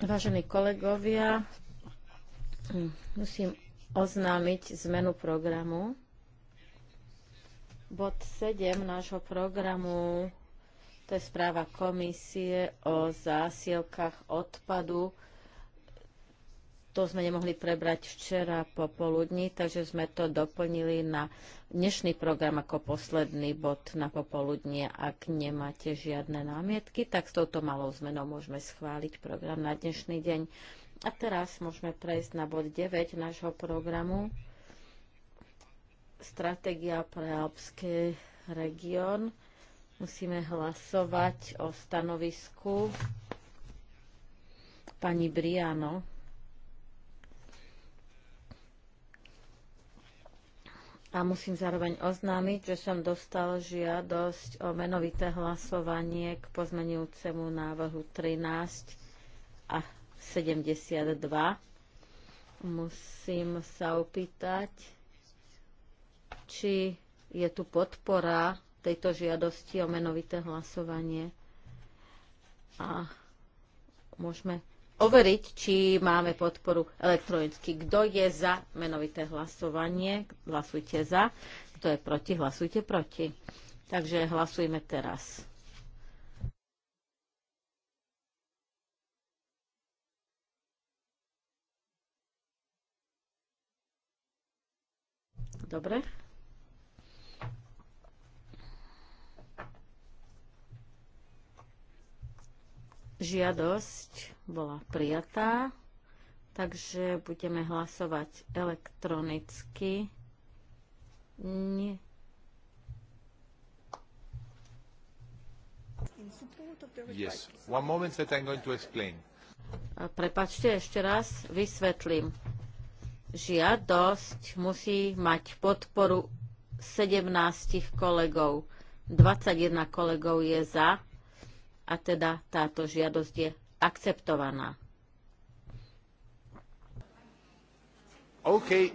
Vážení kolegovia, musím oznámiť zmenu programu. Bod 7 nášho programu, to je správa komisie o zásielkach odpadu to sme nemohli prebrať včera popoludní, takže sme to doplnili na dnešný program ako posledný bod na popoludnie. Ak nemáte žiadne námietky, tak s touto malou zmenou môžeme schváliť program na dnešný deň. A teraz môžeme prejsť na bod 9 nášho programu. Stratégia pre Alpský región. Musíme hlasovať o stanovisku pani Briano A musím zároveň oznámiť, že som dostal žiadosť o menovité hlasovanie k pozmenujúcemu návrhu 13 a 72. Musím sa opýtať, či je tu podpora tejto žiadosti o menovité hlasovanie a môžeme overiť, či máme podporu elektronicky. Kto je za menovité hlasovanie? Hlasujte za. Kto je proti? Hlasujte proti. Takže hlasujme teraz. Dobre. Žiadosť bola prijatá, takže budeme hlasovať elektronicky. Nie. Yes. One moment that I'm going to explain. Prepačte, ešte raz vysvetlím. Žiadosť musí mať podporu 17 kolegov. 21 kolegov je za a teda táto žiadosť je akceptovaná. Okay.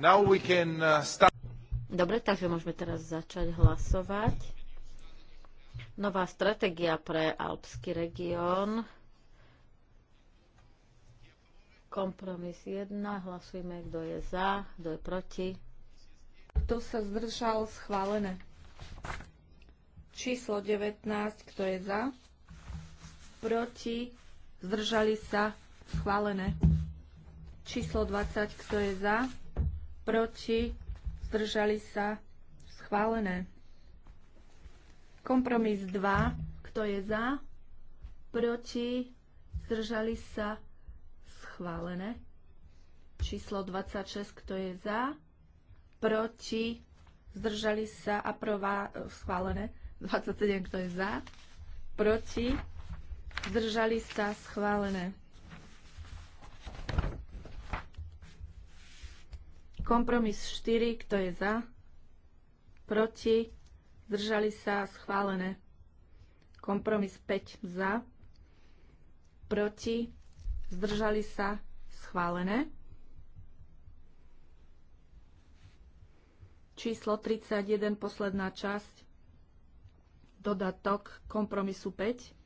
Now we can uh, start. Dobre, takže môžeme teraz začať hlasovať. Nová stratégia pre Alpský región. Kompromis 1. Hlasujme, kto je za, kto je proti. Kto sa zdržal schválené? Číslo 19. Kto je za? proti, zdržali sa, schválené. Číslo 20, kto je za, proti, zdržali sa, schválené. Kompromis 2, kto je za, proti, zdržali sa, schválené. Číslo 26, kto je za, proti, zdržali sa, aprová, schválené. 27, kto je za, proti, zdržali sa schválené. Kompromis 4, kto je za, proti, zdržali sa schválené. Kompromis 5 za, proti, zdržali sa schválené. Číslo 31, posledná časť, dodatok kompromisu 5.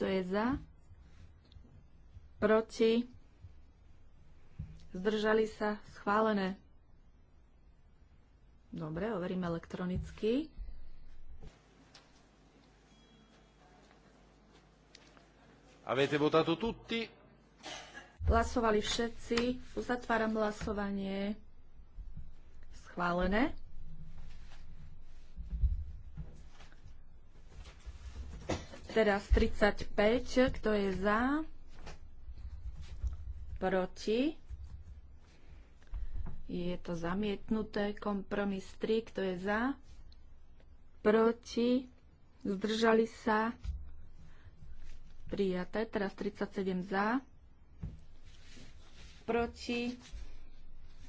Kto je za? Proti? Zdržali sa? Schválené. Dobre, overím elektronicky. Avete votato tutti? Hlasovali všetci. Uzatváram hlasovanie. Schválené. Teraz 35, kto je za? Proti? Je to zamietnuté. Kompromis 3, kto je za? Proti? Zdržali sa? Prijaté. Teraz 37 za. Proti?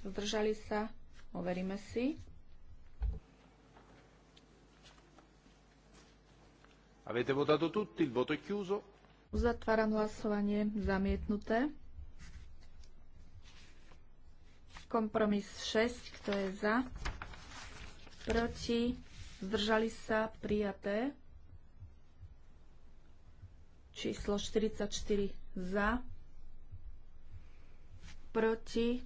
Zdržali sa? Overíme si. Avete votato tutti, il voto è chiuso. Uzatvaram hlasovanie zamietnuté. Kompromis 6, kto je za? Proti? Zdržali sa? Prijaté. Číslo 44 za. Proti?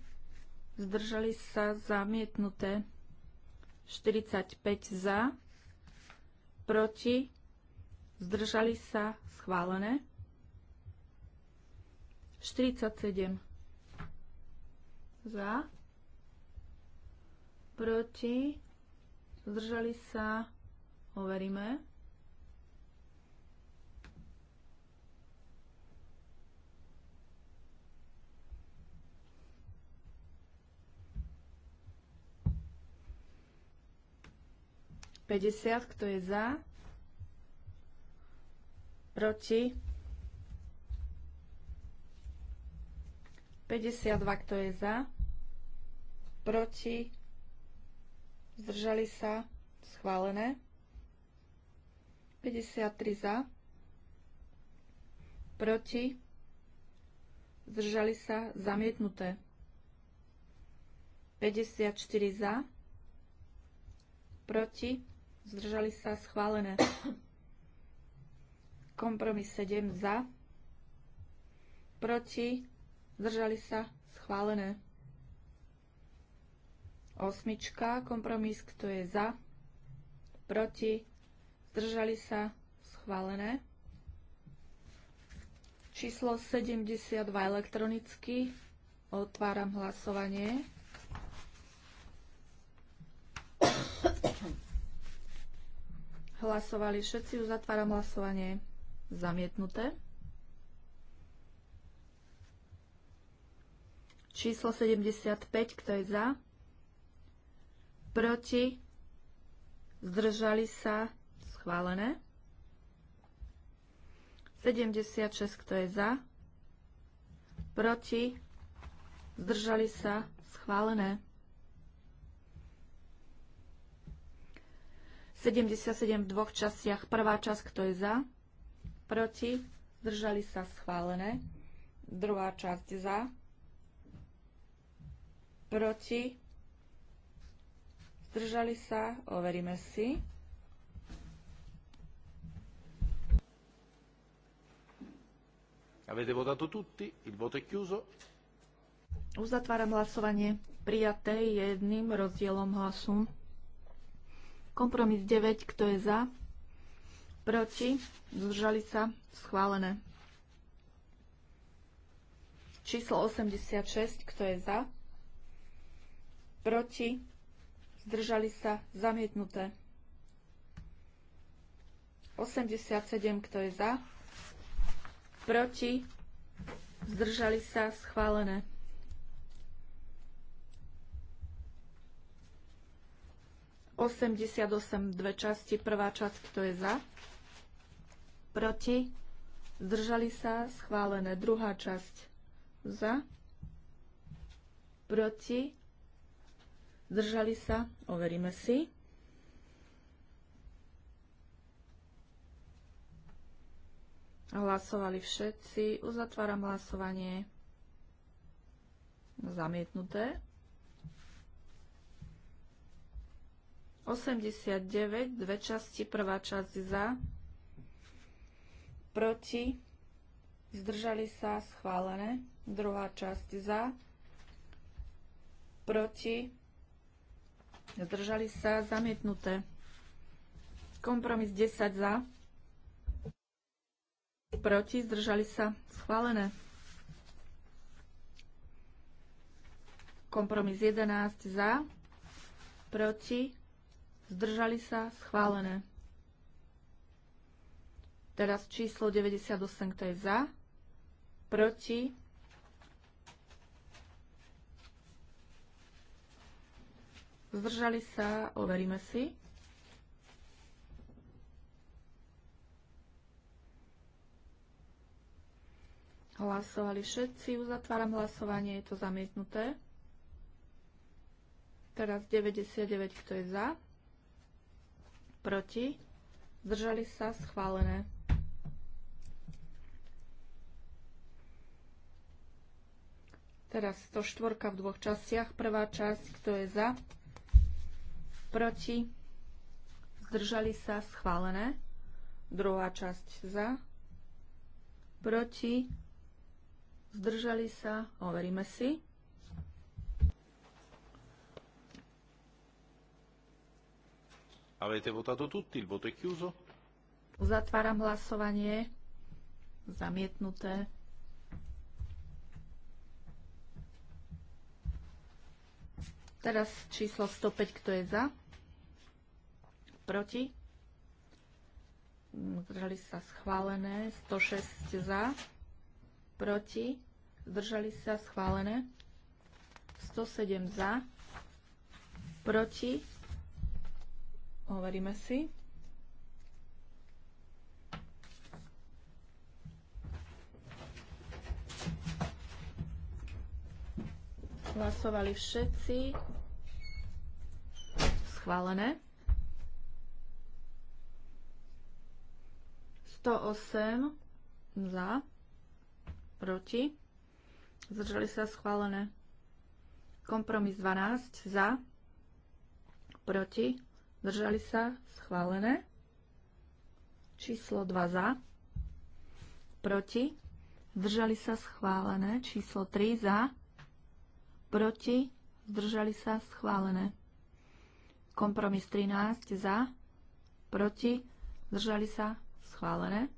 Zdržali sa? Zamietnuté. 45 za. Proti? zdržali sa, schválené. 47 za, proti, zdržali sa, overíme. 50, kto je za? proti, 52, kto je za, proti, zdržali sa, schválené, 53 za, proti, zdržali sa, zamietnuté, 54 za, proti, zdržali sa, schválené. Kompromis 7 za, proti, zdržali sa, schválené. Osmička, kompromis, kto je za, proti, zdržali sa, schválené. Číslo 72 elektronicky, otváram hlasovanie. Hlasovali všetci, uzatváram hlasovanie. Zamietnuté. Číslo 75, kto je za? Proti? Zdržali sa? Schválené. 76, kto je za? Proti? Zdržali sa? Schválené. 77 v dvoch častiach. Prvá časť, kto je za? proti, zdržali sa schválené. Druhá časť za, proti, zdržali sa, overíme si. Avete votato tutti, il voto è chiuso. Uzatváram hlasovanie. Prijaté jedným rozdielom hlasu. Kompromis 9, kto je za? proti, zdržali sa, schválené. Číslo 86, kto je za, proti, zdržali sa, zamietnuté. 87, kto je za, proti, zdržali sa, schválené. Osemdesiat osem, dve časti, prvá časť, kto je za, proti, zdržali sa, schválené. Druhá časť za, proti, zdržali sa, overíme si. Hlasovali všetci, uzatváram hlasovanie. Zamietnuté. 89, dve časti, prvá časť za, proti, zdržali sa, schválené. Druhá časť za, proti, zdržali sa, zamietnuté. Kompromis 10 za, proti, zdržali sa, schválené. Kompromis 11 za, proti, zdržali sa, schválené. Teraz číslo 98, kto je za, proti, zdržali sa, overíme si. Hlasovali všetci, uzatváram hlasovanie, je to zamietnuté. Teraz 99, kto je za, proti, zdržali sa, schválené. Teraz 104 v dvoch častiach. Prvá časť, kto je za, proti, zdržali sa, schválené. Druhá časť za, proti, zdržali sa, overíme si. Avete votato tutti, il voto è chiuso. Uzatváram hlasovanie. Zamietnuté. Teraz číslo 105, kto je za? Proti? Zdržali sa schválené. 106 za. Proti? Zdržali sa schválené. 107 za. Proti? hovoríme si. Hlasovali všetci schválené. 108 za, proti, zdržali sa schválené. Kompromis 12 za, proti, zdržali sa schválené. Číslo 2 za, proti, zdržali sa schválené. Číslo 3 za, proti, zdržali sa schválené. Kompromis 13 za, proti, zdržali sa, schválené.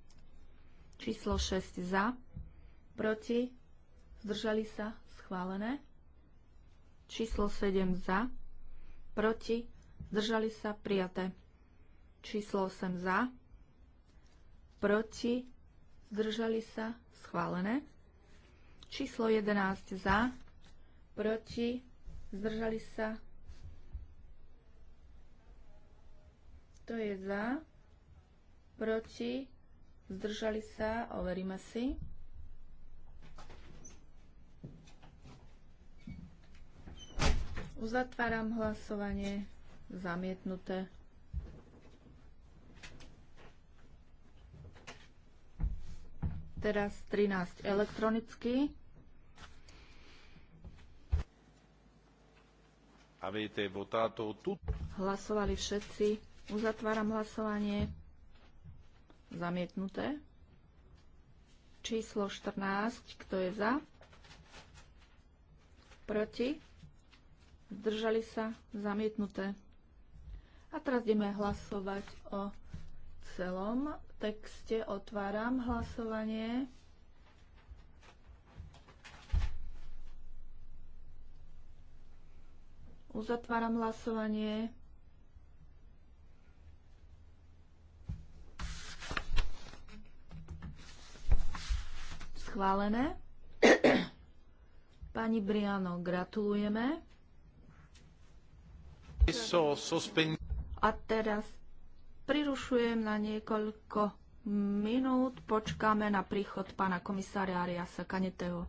Číslo 6 za, proti, zdržali sa, schválené. Číslo 7 za, proti, zdržali sa, prijaté. Číslo 8 za, proti, zdržali sa, schválené. Číslo 11 za, proti, zdržali sa, Kto je za? Proti? Zdržali sa? Overíme si. Uzatváram hlasovanie. Zamietnuté. Teraz 13 elektronicky. Hlasovali všetci. Uzatváram hlasovanie. Zamietnuté. Číslo 14. Kto je za? Proti? Zdržali sa? Zamietnuté. A teraz ideme hlasovať o celom texte. Otváram hlasovanie. Uzatváram hlasovanie. Schválené. Pani Briano, gratulujeme. A teraz prirušujem na niekoľko minút. Počkáme na príchod pána komisára Ariasa Kaneteho.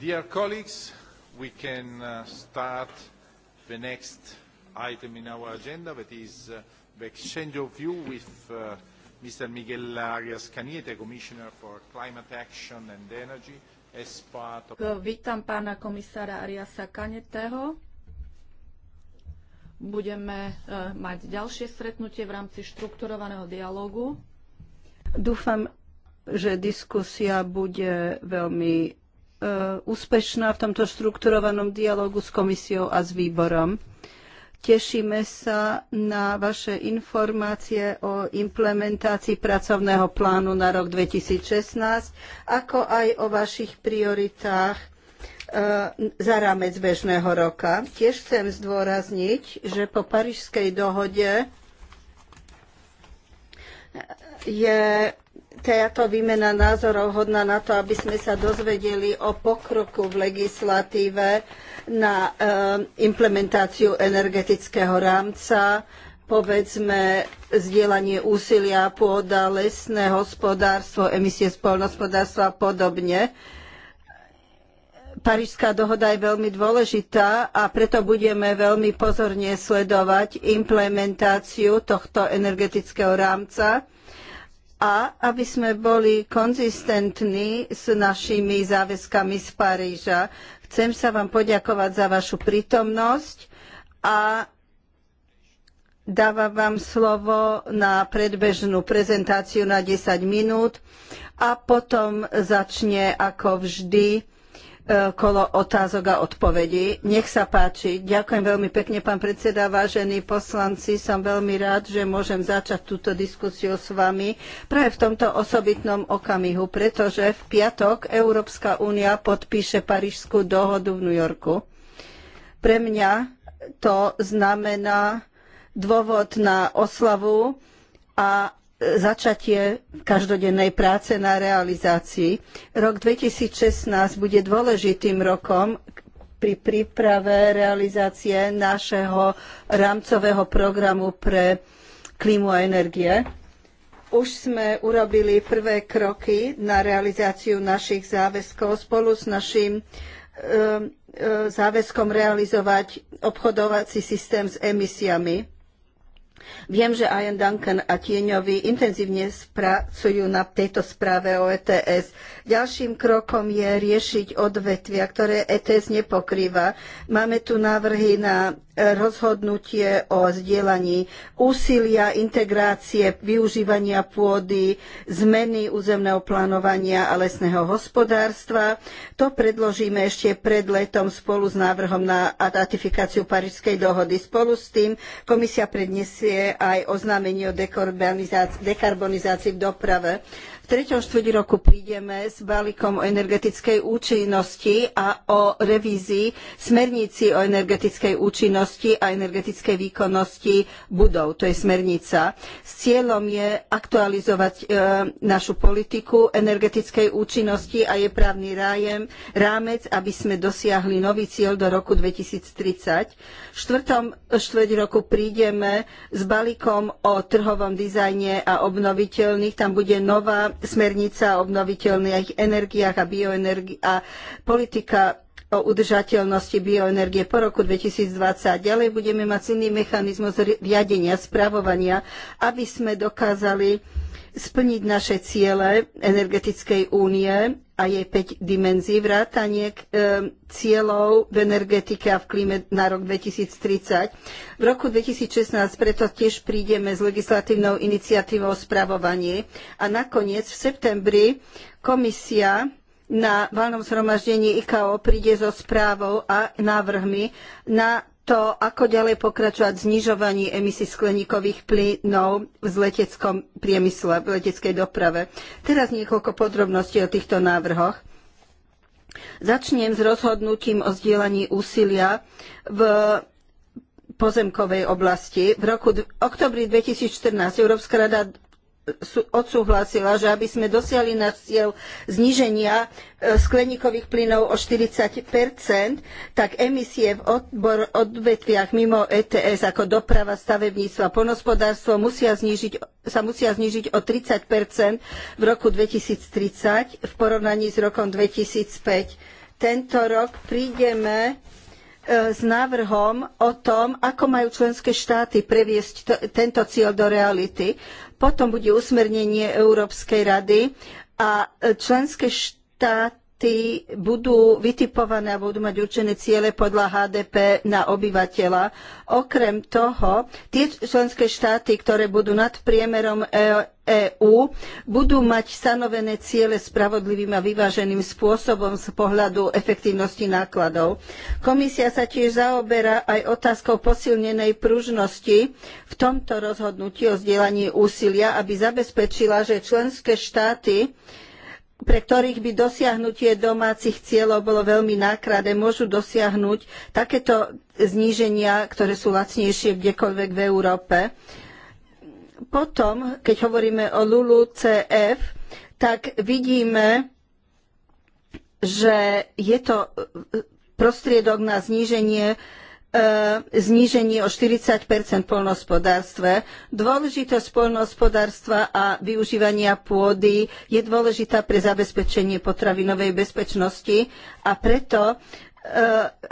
Dear colleagues, we can uh, start the next item in our agenda, that is uh, the exchange of view with uh, Mr. Miguel Arias Caniete, Commissioner for Climate Action and Energy, as part of... Vítam pána komisára Ariasa Kaneteho. Budeme uh, mať ďalšie stretnutie v rámci štrukturovaného dialogu. Dúfam, že diskusia bude veľmi E, úspešná v tomto štrukturovanom dialogu s komisiou a s výborom. Tešíme sa na vaše informácie o implementácii pracovného plánu na rok 2016, ako aj o vašich prioritách e, za rámec bežného roka. Tiež chcem zdôrazniť, že po Parížskej dohode je táto výmena názorov hodná na to, aby sme sa dozvedeli o pokroku v legislatíve na eh, implementáciu energetického rámca, povedzme zdieľanie úsilia, pôda, lesné hospodárstvo, emisie spolnohospodárstva a podobne. Parížská dohoda je veľmi dôležitá a preto budeme veľmi pozorne sledovať implementáciu tohto energetického rámca a aby sme boli konzistentní s našimi záväzkami z Paríža. Chcem sa vám poďakovať za vašu prítomnosť a dávam vám slovo na predbežnú prezentáciu na 10 minút a potom začne ako vždy E, kolo otázok a odpovedí. Nech sa páči. Ďakujem veľmi pekne, pán predseda, vážení poslanci. Som veľmi rád, že môžem začať túto diskusiu s vami práve v tomto osobitnom okamihu, pretože v piatok Európska únia podpíše Parížskú dohodu v New Yorku. Pre mňa to znamená dôvod na oslavu a začatie každodennej práce na realizácii. Rok 2016 bude dôležitým rokom pri príprave realizácie našeho rámcového programu pre klímu a energie. Už sme urobili prvé kroky na realizáciu našich záväzkov spolu s našim e, e, záväzkom realizovať obchodovací systém s emisiami Viem, že Ian Duncan a Tieňovi intenzívne pracujú na tejto správe o ETS. Ďalším krokom je riešiť odvetvia, ktoré ETS nepokrýva. Máme tu návrhy na rozhodnutie o zdieľaní úsilia, integrácie, využívania pôdy, zmeny územného plánovania a lesného hospodárstva. To predložíme ešte pred letom spolu s návrhom na ratifikáciu Parížskej dohody. Spolu s tým komisia predniesie aj oznámenie o dekarbonizácii v doprave treťom štvrť roku prídeme s balíkom o energetickej účinnosti a o revízii smernici o energetickej účinnosti a energetickej výkonnosti budov. To je smernica. S cieľom je aktualizovať e, našu politiku energetickej účinnosti a je právny rájem, rámec, aby sme dosiahli nový cieľ do roku 2030. V štvrtom štvrť roku prídeme s balíkom o trhovom dizajne a obnoviteľných. Tam bude nová smernica o obnoviteľných energiách a bioenergii a politika o udržateľnosti bioenergie po roku 2020. Ďalej budeme mať silný mechanizmus riadenia, spravovania, aby sme dokázali splniť naše ciele energetickej únie a jej 5 dimenzí, vrátanie e, cieľov v energetike a v klíme na rok 2030. V roku 2016 preto tiež prídeme s legislatívnou iniciatívou o spravovanie a nakoniec v septembri komisia na valnom zhromaždení IKO príde so správou a návrhmi na to, ako ďalej pokračovať v znižovaní emisí skleníkových plynov v leteckom priemysle, v leteckej doprave. Teraz niekoľko podrobností o týchto návrhoch. Začnem s rozhodnutím o zdieľaní úsilia v pozemkovej oblasti. V roku oktobri 2014 Európska rada odsúhlasila, že aby sme dosiahli náš cieľ zníženia e, skleníkových plynov o 40 tak emisie v odbor, odvetviach mimo ETS ako doprava, stavebníctvo a poľnohospodárstvo sa musia znížiť o 30 v roku 2030 v porovnaní s rokom 2005. Tento rok prídeme e, s návrhom o tom, ako majú členské štáty previesť tento cieľ do reality. Potom bude usmernenie Európskej rady a členské štáty štáty budú vytipované a budú mať určené ciele podľa HDP na obyvateľa. Okrem toho, tie členské štáty, ktoré budú nad priemerom EÚ, e budú mať stanovené ciele spravodlivým a vyváženým spôsobom z pohľadu efektívnosti nákladov. Komisia sa tiež zaoberá aj otázkou posilnenej pružnosti v tomto rozhodnutí o zdieľaní úsilia, aby zabezpečila, že členské štáty pre ktorých by dosiahnutie domácich cieľov bolo veľmi nákladné, môžu dosiahnuť takéto zníženia, ktoré sú lacnejšie kdekoľvek v Európe. Potom, keď hovoríme o LULU CF, tak vidíme, že je to e, e, prostriedok na zníženie E, znížení o 40 v poľnohospodárstve. Dôležitosť poľnohospodárstva a využívania pôdy je dôležitá pre zabezpečenie potravinovej bezpečnosti a preto e,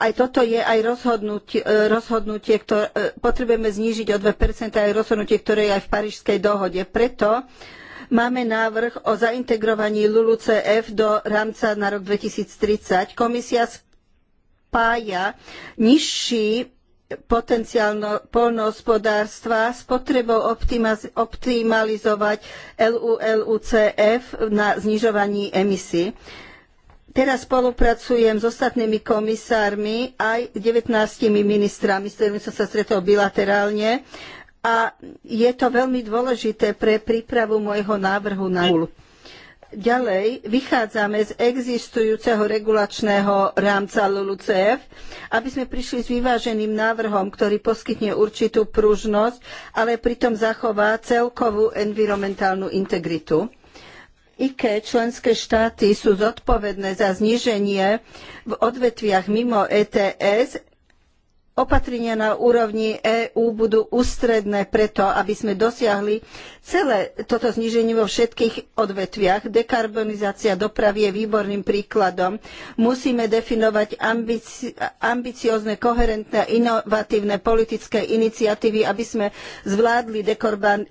aj toto je aj e, rozhodnutie, rozhodnutie ktoré, potrebujeme znížiť o 2 aj rozhodnutie, ktoré je aj v Parížskej dohode. Preto máme návrh o zaintegrovaní LULUCF do rámca na rok 2030. Komisia spája nižší potenciál poľnohospodárstva s potrebou optimalizovať LULUCF na znižovaní emisí. Teraz spolupracujem s ostatnými komisármi aj 19 ministrami, s ktorými som sa stretol bilaterálne a je to veľmi dôležité pre prípravu môjho návrhu na UL. Ďalej vychádzame z existujúceho regulačného rámca LULUCF, aby sme prišli s vyváženým návrhom, ktorý poskytne určitú pružnosť, ale pritom zachová celkovú environmentálnu integritu. IKE členské štáty sú zodpovedné za zníženie v odvetviach mimo ETS Opatrenia na úrovni EÚ budú ústredné preto, aby sme dosiahli celé toto zníženie vo všetkých odvetviach. Dekarbonizácia dopravy je výborným príkladom. Musíme definovať ambici- ambiciózne, koherentné, a inovatívne politické iniciatívy, aby sme zvládli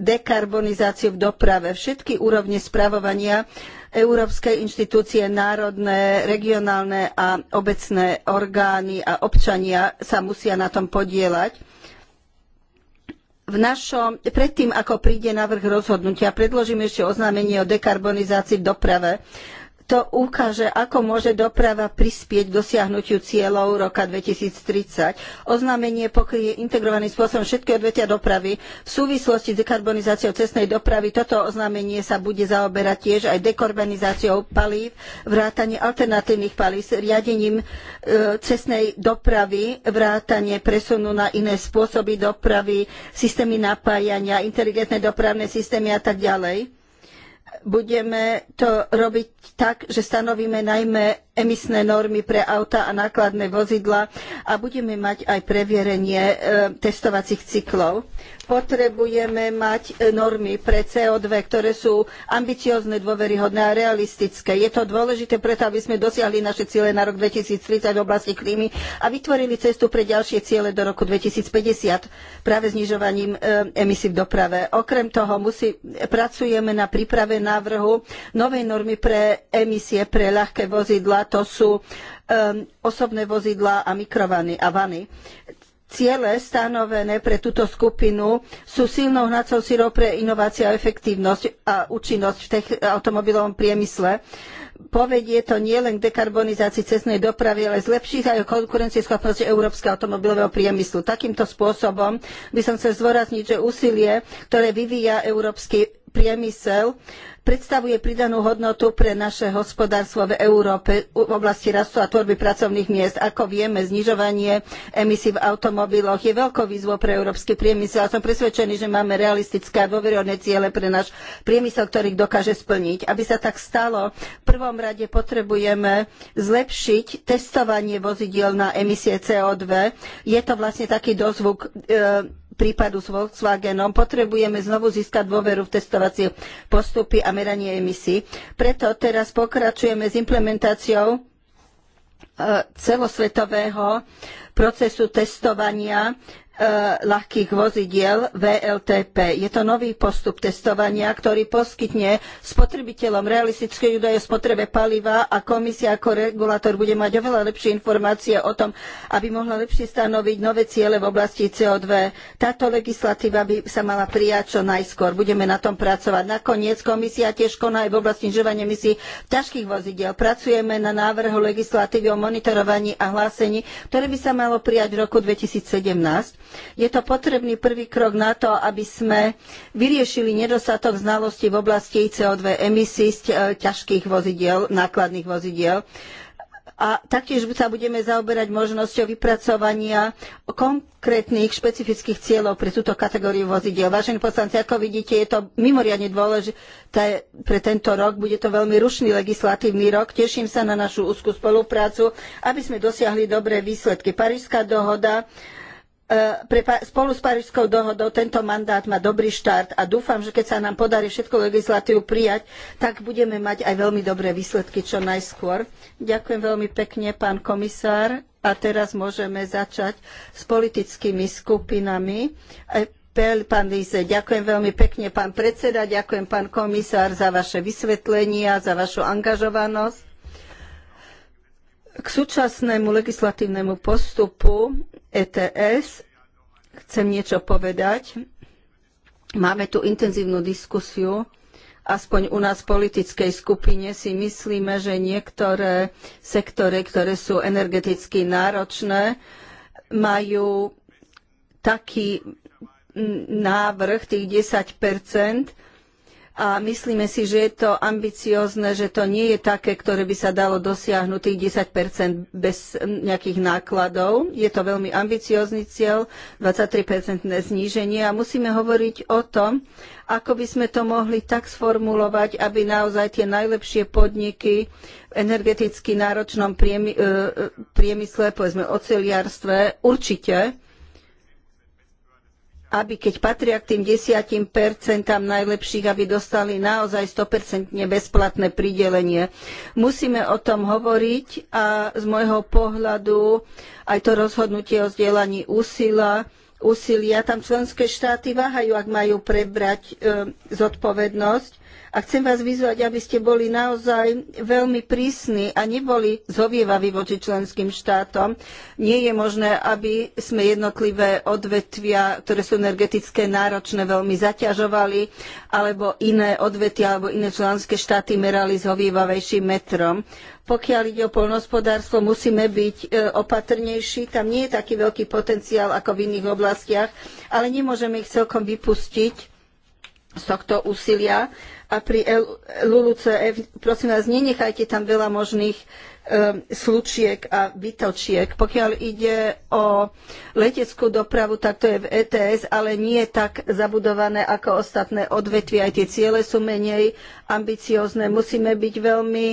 dekarbonizáciu v doprave. Všetky úrovne spravovania európske inštitúcie, národné, regionálne a obecné orgány a občania sa musia na tom podieľať. V našom, predtým, ako príde návrh rozhodnutia, predložím ešte oznámenie o dekarbonizácii v doprave. To ukáže, ako môže doprava prispieť k dosiahnutiu cieľov roka 2030. Oznámenie pokrie integrovaným spôsobom všetky odvetia dopravy. V súvislosti s dekarbonizáciou cestnej dopravy toto oznámenie sa bude zaoberať tiež aj dekarbonizáciou palív, vrátanie alternatívnych palív, riadením e, cestnej dopravy, vrátanie presunu na iné spôsoby dopravy, systémy napájania, inteligentné dopravné systémy a tak ďalej budeme to robiť tak, že stanovíme najmä emisné normy pre auta a nákladné vozidlá a budeme mať aj previerenie e, testovacích cyklov. Potrebujeme mať e, normy pre CO2, ktoré sú ambiciózne, dôveryhodné a realistické. Je to dôležité preto, aby sme dosiahli naše ciele na rok 2030 v oblasti klímy a vytvorili cestu pre ďalšie ciele do roku 2050 práve znižovaním e, emisí v doprave. Okrem toho musí, pracujeme na príprave návrhu novej normy pre emisie pre ľahké vozidlá to sú um, osobné vozidlá a mikrovany a vany. Ciele stanovené pre túto skupinu sú silnou hnacou silou pre inováciu a efektívnosť a účinnosť v automobilovom priemysle. Povedie to nielen k dekarbonizácii cestnej dopravy, ale zlepší aj konkurencieschopnosť európskeho automobilového priemyslu. Takýmto spôsobom by som chcel zdôrazniť, že úsilie, ktoré vyvíja európsky priemysel predstavuje pridanú hodnotu pre naše hospodárstvo v Európe v oblasti rastu a tvorby pracovných miest. Ako vieme, znižovanie emisí v automobiloch je veľkou výzvou pre európsky priemysel a som presvedčený, že máme realistické a dôveryhodné ciele pre náš priemysel, ktorý dokáže splniť. Aby sa tak stalo, v prvom rade potrebujeme zlepšiť testovanie vozidiel na emisie CO2. Je to vlastne taký dozvuk e, prípadu s Volkswagenom potrebujeme znovu získať dôveru v testovacie postupy a meranie emisí. Preto teraz pokračujeme s implementáciou e, celosvetového procesu testovania Eh, ľahkých vozidiel VLTP. Je to nový postup testovania, ktorý poskytne spotrebiteľom realistické údaje o spotrebe paliva a komisia ako regulátor bude mať oveľa lepšie informácie o tom, aby mohla lepšie stanoviť nové ciele v oblasti CO2. Táto legislatíva by sa mala prijať čo najskôr. Budeme na tom pracovať. Nakoniec komisia tiež koná aj v oblasti znižovania emisí ťažkých vozidiel. Pracujeme na návrhu legislatívy o monitorovaní a hlásení, ktoré by sa malo prijať v roku 2017 je to potrebný prvý krok na to, aby sme vyriešili nedostatok znalosti v oblasti CO2 emisí z e, ťažkých vozidiel, nákladných vozidiel. A taktiež sa budeme zaoberať možnosťou vypracovania konkrétnych špecifických cieľov pre túto kategóriu vozidiel. Vážení poslanci, ako vidíte, je to mimoriadne dôležité pre tento rok. Bude to veľmi rušný legislatívny rok. Teším sa na našu úzkú spoluprácu, aby sme dosiahli dobré výsledky. Parížská dohoda E, spolu s Parížskou dohodou tento mandát má dobrý štart a dúfam, že keď sa nám podarí všetku legislatívu prijať, tak budeme mať aj veľmi dobré výsledky čo najskôr. Ďakujem veľmi pekne, pán komisár. A teraz môžeme začať s politickými skupinami. E, pán Líze, ďakujem veľmi pekne, pán predseda, ďakujem, pán komisár, za vaše vysvetlenia, za vašu angažovanosť k súčasnému legislatívnemu postupu ETS chcem niečo povedať. Máme tu intenzívnu diskusiu, aspoň u nás v politickej skupine si myslíme, že niektoré sektory, ktoré sú energeticky náročné, majú taký návrh tých 10 a myslíme si, že je to ambiciózne, že to nie je také, ktoré by sa dalo dosiahnuť tých 10 bez nejakých nákladov. Je to veľmi ambiciózny cieľ, 23 zníženie a musíme hovoriť o tom, ako by sme to mohli tak sformulovať, aby naozaj tie najlepšie podniky v energeticky náročnom e, e, priemysle, povedzme oceliarstve, určite aby keď patria k tým desiatim percentám najlepších, aby dostali naozaj 100% bezplatné pridelenie. Musíme o tom hovoriť a z môjho pohľadu aj to rozhodnutie o zdieľaní úsila, úsilia, tam členské štáty váhajú, ak majú prebrať e, zodpovednosť a chcem vás vyzvať, aby ste boli naozaj veľmi prísni a neboli zhovievaví voči členským štátom. Nie je možné, aby sme jednotlivé odvetvia, ktoré sú energetické náročné, veľmi zaťažovali, alebo iné odvetvia, alebo iné členské štáty merali zhovievavejším metrom pokiaľ ide o poľnohospodárstvo, musíme byť e, opatrnejší. Tam nie je taký veľký potenciál ako v iných oblastiach, ale nemôžeme ich celkom vypustiť z tohto úsilia, a pri LULUCF, prosím vás, nenechajte tam veľa možných ehm, slučiek a vytočiek. Pokiaľ ide o leteckú dopravu, tak to je v ETS, ale nie tak zabudované ako ostatné odvetvia. Aj tie ciele sú menej ambiciózne. Musíme byť veľmi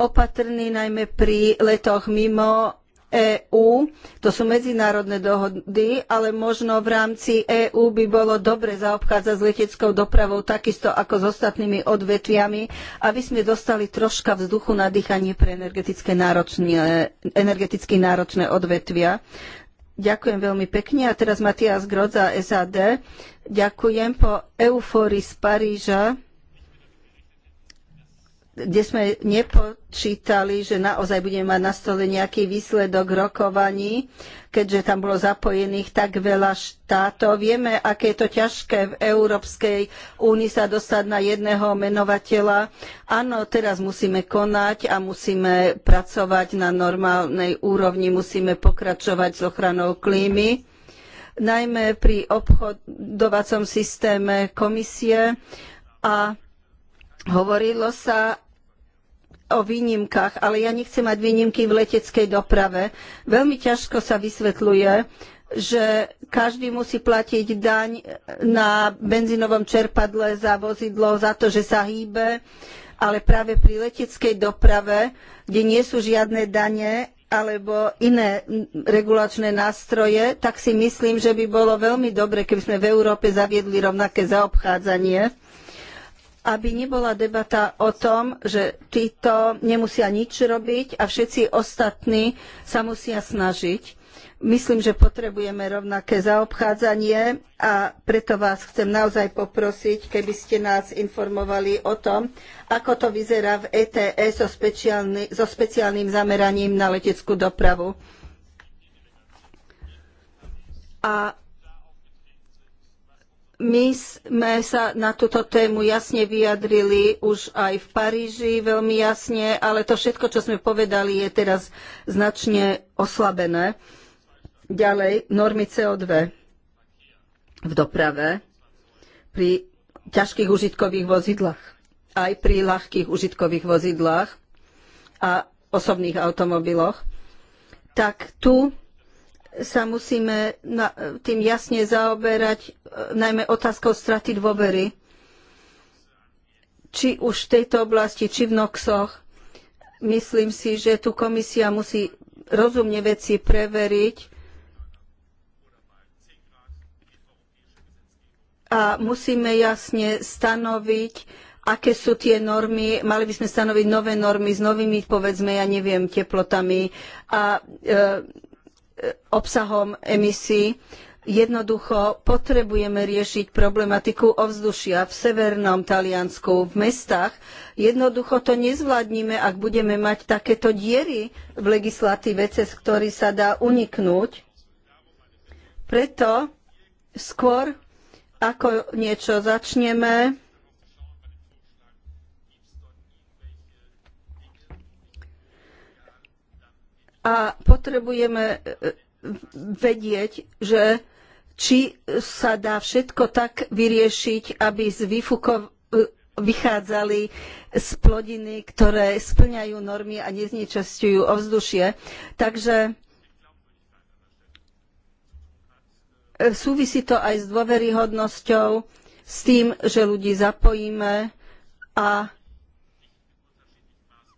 opatrní najmä pri letoch mimo EÚ, to sú medzinárodné dohody, ale možno v rámci EÚ by bolo dobre zaobchádzať s leteckou dopravou takisto ako s ostatnými odvetviami, aby sme dostali troška vzduchu na dýchanie pre energeticky náročné odvetvia. Ďakujem veľmi pekne. A teraz Matias Grodza SAD. Ďakujem po eufórii z Paríža kde sme nepočítali, že naozaj budeme mať na stole nejaký výsledok rokovaní, keďže tam bolo zapojených tak veľa štátov. Vieme, aké je to ťažké v Európskej únii sa dostať na jedného menovateľa. Áno, teraz musíme konať a musíme pracovať na normálnej úrovni, musíme pokračovať s ochranou klímy najmä pri obchodovacom systéme komisie a Hovorilo sa o výnimkách, ale ja nechcem mať výnimky v leteckej doprave. Veľmi ťažko sa vysvetľuje, že každý musí platiť daň na benzínovom čerpadle za vozidlo, za to, že sa hýbe, ale práve pri leteckej doprave, kde nie sú žiadne dane alebo iné regulačné nástroje, tak si myslím, že by bolo veľmi dobre, keby sme v Európe zaviedli rovnaké zaobchádzanie aby nebola debata o tom, že títo nemusia nič robiť a všetci ostatní sa musia snažiť. Myslím, že potrebujeme rovnaké zaobchádzanie a preto vás chcem naozaj poprosiť, keby ste nás informovali o tom, ako to vyzerá v ETS so, speciálny, so speciálnym zameraním na leteckú dopravu. A my sme sa na túto tému jasne vyjadrili už aj v Paríži veľmi jasne, ale to všetko, čo sme povedali, je teraz značne oslabené. Ďalej, normy CO2 v doprave pri ťažkých užitkových vozidlách, aj pri ľahkých užitkových vozidlách a osobných automobiloch, tak tu sa musíme tým jasne zaoberať, e, najmä otázkou straty dôvery. Či už v tejto oblasti, či v NOXoch. Myslím si, že tu komisia musí rozumne veci preveriť a musíme jasne stanoviť, aké sú tie normy, mali by sme stanoviť nové normy s novými, povedzme, ja neviem, teplotami a e, obsahom emisí. Jednoducho potrebujeme riešiť problematiku ovzdušia v severnom Taliansku, v mestách. Jednoducho to nezvládnime, ak budeme mať takéto diery v legislatíve, cez ktorý sa dá uniknúť. Preto skôr, ako niečo začneme, a potrebujeme e, vedieť, že či sa dá všetko tak vyriešiť, aby z výfukov e, vychádzali z plodiny, ktoré splňajú normy a neznečasťujú ovzdušie. Takže e, súvisí to aj s dôveryhodnosťou, s tým, že ľudí zapojíme a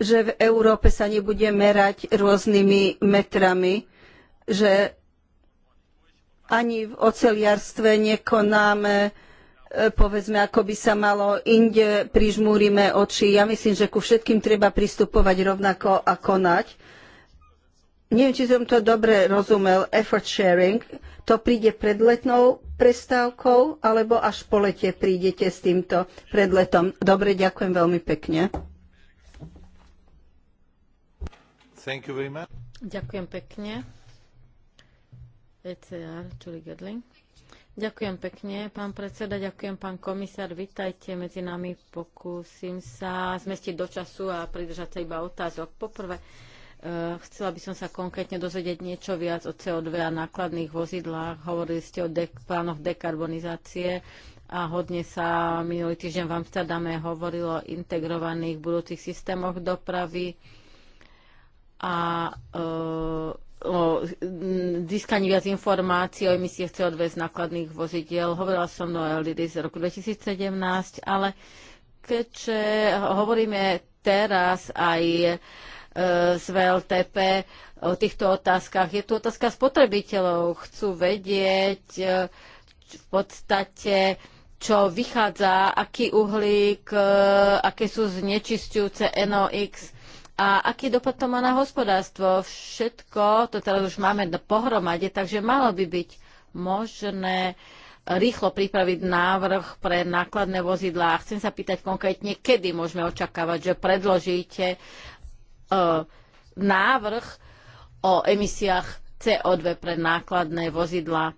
že v Európe sa nebude merať rôznymi metrami, že ani v oceliarstve nekonáme e, povedzme, ako by sa malo, inde prižmúrime oči. Ja myslím, že ku všetkým treba pristupovať rovnako a konať. Neviem, či som to dobre rozumel, effort sharing, to príde pred letnou prestávkou, alebo až po lete prídete s týmto pred letom. Dobre, ďakujem veľmi pekne. Ďakujem pekne. E ďakujem pekne, pán predseda, ďakujem, pán komisár, vitajte medzi nami. Pokúsim sa zmestiť do času a pridržať sa iba otázok. Poprvé, e, chcela by som sa konkrétne dozvedieť niečo viac o CO2 a nákladných vozidlách. Hovorili ste o de- plánoch dekarbonizácie a hodne sa minulý týždeň v Amsterdame hovorilo o integrovaných budúcich systémoch dopravy a e, o získaní viac informácií o emisiách CO2 z nákladných vozidiel. Hovorila som o LDD z roku 2017, ale keďže hovoríme teraz aj e, z VLTP o týchto otázkach, je tu otázka spotrebiteľov. Chcú vedieť e, v podstate, čo vychádza, aký uhlík, aké sú znečistujúce NOx, a aký dopad to má na hospodárstvo. Všetko to teraz už máme pohromade, takže malo by byť možné rýchlo pripraviť návrh pre nákladné vozidlá. Chcem sa pýtať konkrétne, kedy môžeme očakávať, že predložíte uh, návrh o emisiách CO2 pre nákladné vozidlá.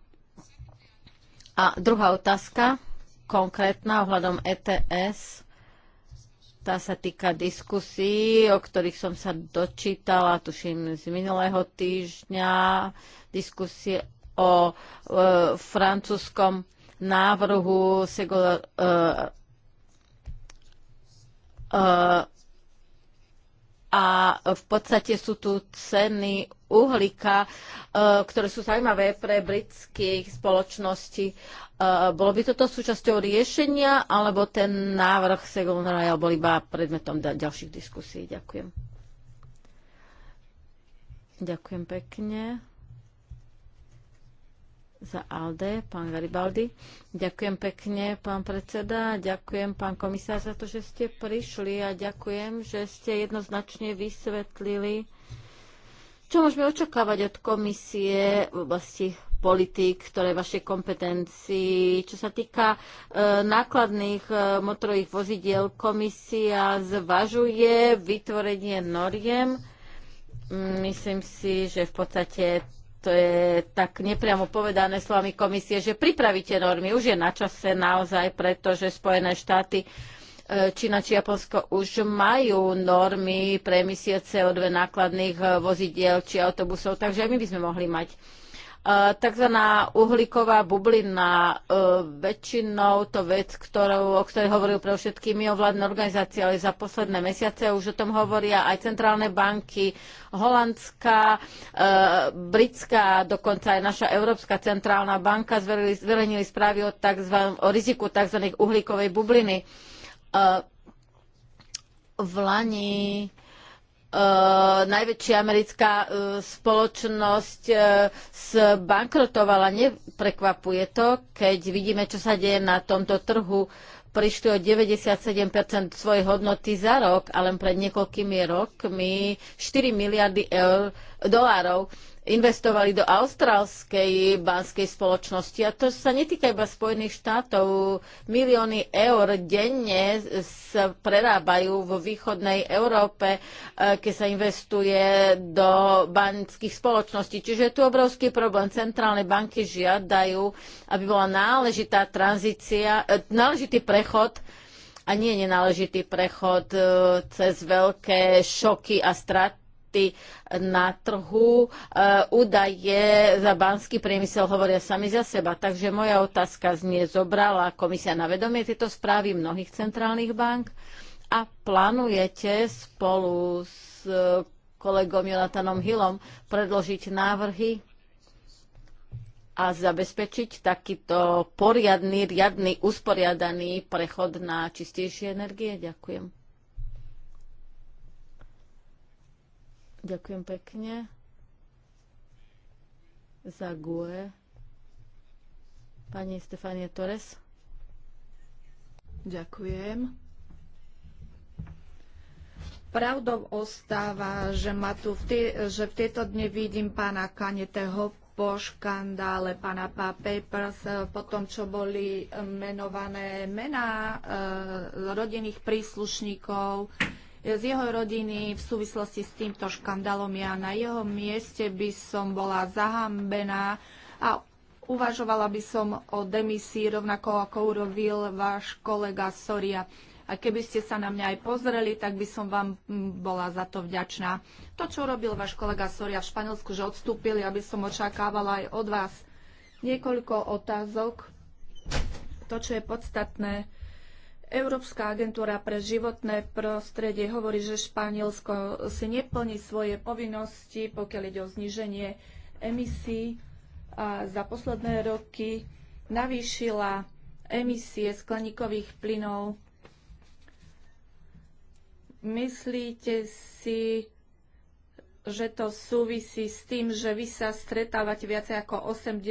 A druhá otázka, konkrétna ohľadom ETS tá sa týka diskusí, o ktorých som sa dočítala, tuším, z minulého týždňa, diskusie o e, francúzskom návrhu e, e, a v podstate sú tu ceny uhlíka, e, ktoré sú zaujímavé pre britských spoločnosti. E, bolo by toto súčasťou riešenia, alebo ten návrh Segon Royal bol iba predmetom ďalších diskusí? Ďakujem. Ďakujem pekne za ALDE, pán Garibaldi. Ďakujem pekne, pán predseda, ďakujem, pán komisár, za to, že ste prišli a ďakujem, že ste jednoznačne vysvetlili, čo môžeme očakávať od komisie v oblasti politik, ktoré vaše kompetencii. Čo sa týka e, nákladných e, motorových vozidiel, komisia zvažuje vytvorenie noriem. Myslím si, že v podstate to je tak nepriamo povedané slovami komisie, že pripravíte normy. Už je na čase naozaj, pretože Spojené štáty e, Čína či Japonsko už majú normy pre emisie CO2 nákladných e, vozidiel či autobusov, takže aj my by sme mohli mať E, takzvaná uhlíková bublina, e, väčšinou to vec, ktorou, o ktorej hovoril pre všetky ovládne organizácie, ale za posledné mesiace už o tom hovoria aj centrálne banky, holandská, e, britská, dokonca aj naša Európska centrálna banka zverejnili správy o, tzv, o riziku tzv. uhlíkovej bubliny. V Lani Eh, najväčšia americká eh, spoločnosť eh, zbankrotovala. Neprekvapuje to, keď vidíme, čo sa deje na tomto trhu. Prišli o 97 svojej hodnoty za rok a len pred niekoľkými rokmi 4 miliardy eur, dolárov investovali do austrálskej banskej spoločnosti. A to sa netýka iba Spojených štátov. Milióny eur denne sa prerábajú vo východnej Európe, e, keď sa investuje do banských spoločností. Čiže je tu obrovský problém. Centrálne banky žiadajú, aby bola náležitá tranzícia, e, náležitý prechod a nie nenáležitý prechod e, cez veľké šoky a straty produkty na trhu. Eh, údaje za banský priemysel hovoria sami za seba. Takže moja otázka znie, zobrala komisia na vedomie tieto správy mnohých centrálnych bank a plánujete spolu s kolegom Jonathanom Hillom predložiť návrhy a zabezpečiť takýto poriadny, riadny, usporiadaný prechod na čistejšie energie? Ďakujem. Ďakujem pekne. Za GUE. Pani Stefania Torres. Ďakujem. Pravdou ostáva, že, ma tu v tie, že v tieto dne vidím pána Kaneteho po škandále pána Papers, eh, po tom, čo boli eh, menované mená e, rodinných príslušníkov, z jeho rodiny v súvislosti s týmto škandalom. Ja na jeho mieste by som bola zahambená a uvažovala by som o demisii rovnako ako urobil váš kolega Soria. A keby ste sa na mňa aj pozreli, tak by som vám bola za to vďačná. To, čo urobil váš kolega Soria v Španielsku, že odstúpili, aby som očakávala aj od vás niekoľko otázok. To, čo je podstatné, Európska agentúra pre životné prostredie hovorí, že Španielsko si neplní svoje povinnosti, pokiaľ ide o zniženie emisí. A za posledné roky navýšila emisie skleníkových plynov. Myslíte si, že to súvisí s tým, že vy sa stretávate viacej ako 80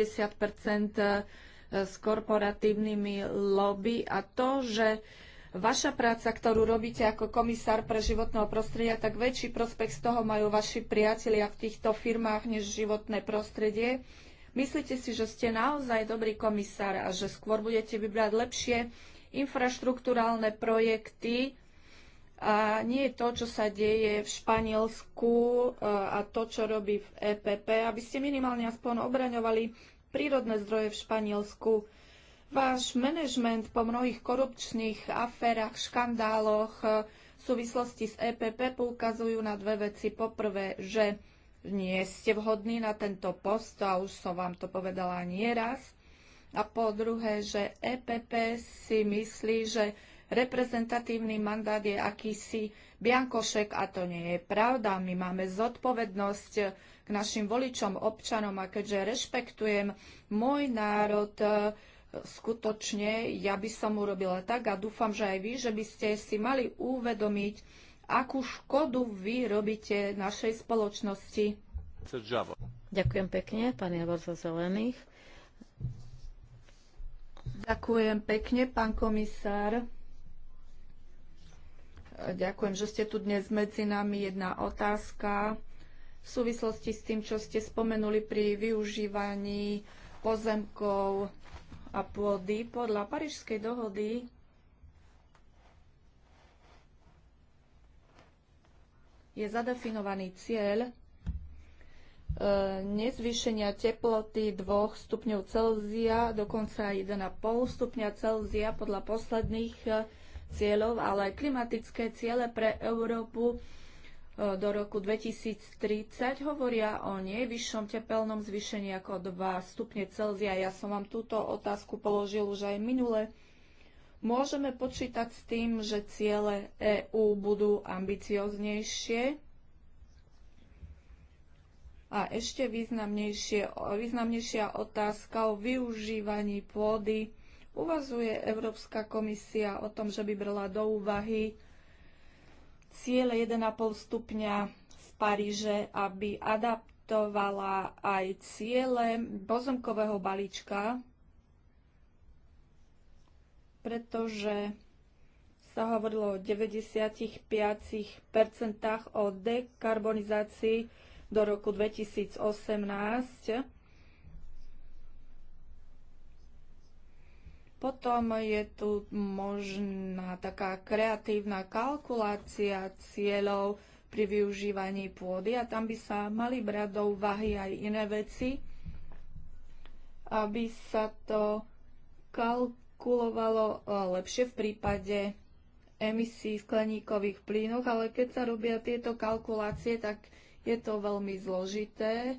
s korporatívnymi lobby a to, že vaša práca, ktorú robíte ako komisár pre životného prostredia, tak väčší prospekt z toho majú vaši priatelia v týchto firmách než životné prostredie. Myslíte si, že ste naozaj dobrý komisár a že skôr budete vybrať lepšie infraštruktúrálne projekty a nie to, čo sa deje v Španielsku e, a to, čo robí v EPP, aby ste minimálne aspoň obraňovali prírodné zdroje v Španielsku. Váš manažment po mnohých korupčných aférach, škandáloch e, v súvislosti s EPP poukazujú na dve veci. Poprvé, že nie ste vhodní na tento post, a už som vám to povedala nieraz. A po druhé, že EPP si myslí, že reprezentatívny mandát je akýsi biankošek a to nie je pravda. My máme zodpovednosť k našim voličom, občanom a keďže rešpektujem môj národ, e, skutočne ja by som urobila tak a dúfam, že aj vy, že by ste si mali uvedomiť, akú škodu vy robíte našej spoločnosti. Ďakujem pekne, pán Javor za zelených. Ďakujem pekne, pán komisár. Ďakujem, že ste tu dnes medzi nami. Jedna otázka v súvislosti s tým, čo ste spomenuli pri využívaní pozemkov a pôdy. Podľa Parížskej dohody je zadefinovaný cieľ e, nezvýšenia teploty 2 stupňov Celzia, dokonca aj 1,5 stupňa Celzia podľa posledných e, cieľov, ale klimatické ciele pre Európu Eh, do roku 2030 hovoria o nejvyššom tepelnom zvýšení ako 2 stupne Celzia. Ja som vám túto otázku položil už aj minule. Môžeme počítať s tým, že ciele EÚ budú ambicioznejšie a ešte významnejšia otázka o využívaní pôdy. Uvazuje Európska komisia o tom, že by brala do úvahy ciele 1,5 stupňa v Paríže, aby adaptovala aj ciele bozomkového balíčka, pretože sa hovorilo o 95% o dekarbonizácii do roku 2018 Potom je tu možná taká kreatívna kalkulácia cieľov pri využívaní pôdy a tam by sa mali brať do úvahy aj iné veci, aby sa to kalkulovalo e, lepšie v prípade emisí skleníkových plynov, ale keď sa robia tieto kalkulácie, tak je to veľmi zložité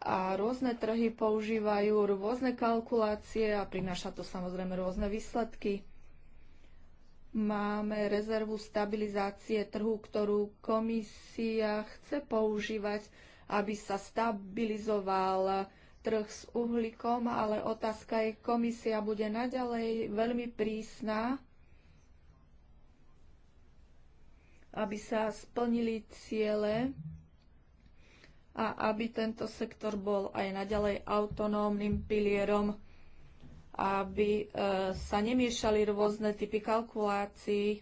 a rôzne trhy používajú rôzne kalkulácie a prináša to samozrejme rôzne výsledky. Máme rezervu stabilizácie trhu, ktorú komisia chce používať, aby sa stabilizoval trh s uhlíkom, ale otázka je, komisia bude naďalej veľmi prísna, aby sa splnili ciele a aby tento sektor bol aj naďalej autonómnym pilierom, aby e, sa nemiešali rôzne typy kalkulácií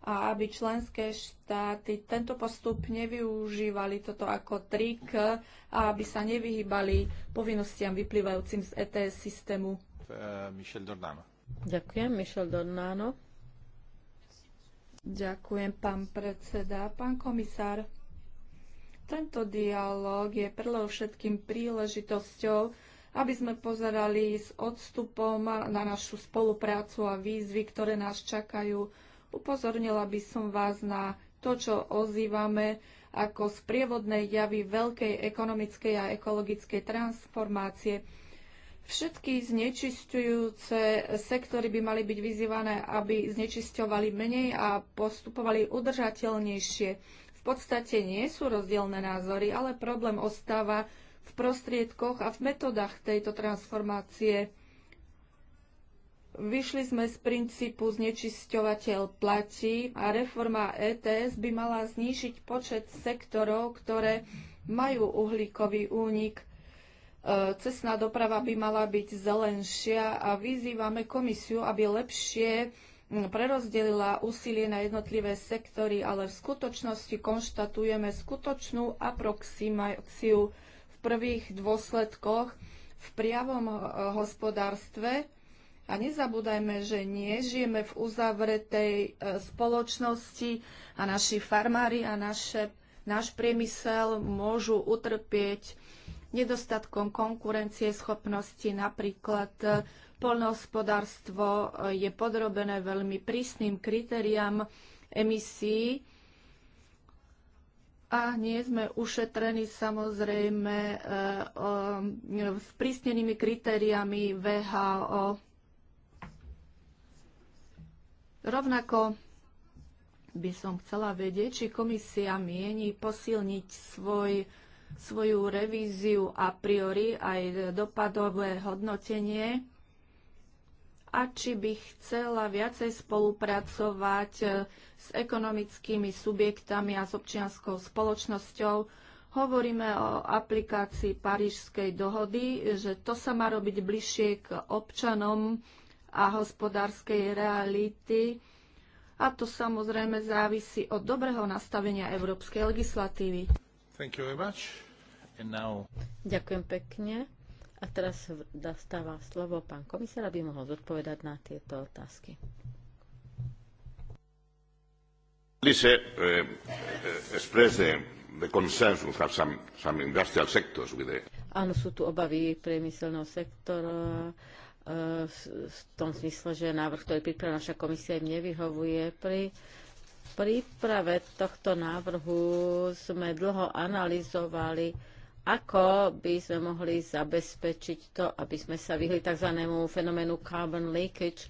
a aby členské štáty tento postup nevyužívali toto ako trik a aby sa nevyhýbali povinnostiam vyplývajúcim z ETS systému. E, Michel Dornano. Ďakujem, Michel Dornano. Ďakujem, pán predseda. Pán komisár, tento dialog je predovšetkým príležitosťou, aby sme pozerali s odstupom na našu spoluprácu a výzvy, ktoré nás čakajú. Upozornila by som vás na to, čo ozývame ako sprievodné javy veľkej ekonomickej a ekologickej transformácie. Všetky znečisťujúce sektory by mali byť vyzývané, aby znečisťovali menej a postupovali udržateľnejšie podstate nie sú rozdielne názory, ale problém ostáva v prostriedkoch a v metodách tejto transformácie. Vyšli sme z princípu znečisťovateľ platí a reforma ETS by mala znížiť počet sektorov, ktoré majú uhlíkový únik. E, cestná doprava by mala byť zelenšia a vyzývame komisiu, aby lepšie prerozdelila úsilie na jednotlivé sektory, ale v skutočnosti konštatujeme skutočnú aproximáciu v prvých dôsledkoch v priavom e, hospodárstve. A nezabúdajme, že nie žijeme v uzavretej e, spoločnosti a naši farmári a naše, náš priemysel môžu utrpieť nedostatkom konkurencie schopnosti. Napríklad e, polnohospodárstvo e, je podrobené veľmi prísnym kritériám emisí a nie sme ušetrení samozrejme e, sprísnenými kritériami VHO. Rovnako by som chcela vedieť, či komisia mieni posilniť svoj svoju revíziu a priori aj dopadové hodnotenie a či by chcela viacej spolupracovať e, s ekonomickými subjektami a s občianskou spoločnosťou. Hovoríme o aplikácii Parížskej dohody, že to sa má robiť bližšie k občanom a hospodárskej reality. A to samozrejme závisí od dobrého nastavenia európskej legislatívy. Thank you very much. Now... Ďakujem pekne. A teraz dostáva slovo pán komisár, aby mohol zodpovedať na tieto otázky. Lise, eh, eh, express the some, some industrial sectors with the... Áno, sú tu obavy priemyselného sektora v eh, tom smysle, že návrh, ktorý pripravila naša komisia, im nevyhovuje pri príprave tohto návrhu sme dlho analyzovali ako by sme mohli zabezpečiť to, aby sme sa vyhli tzv. fenoménu carbon leakage.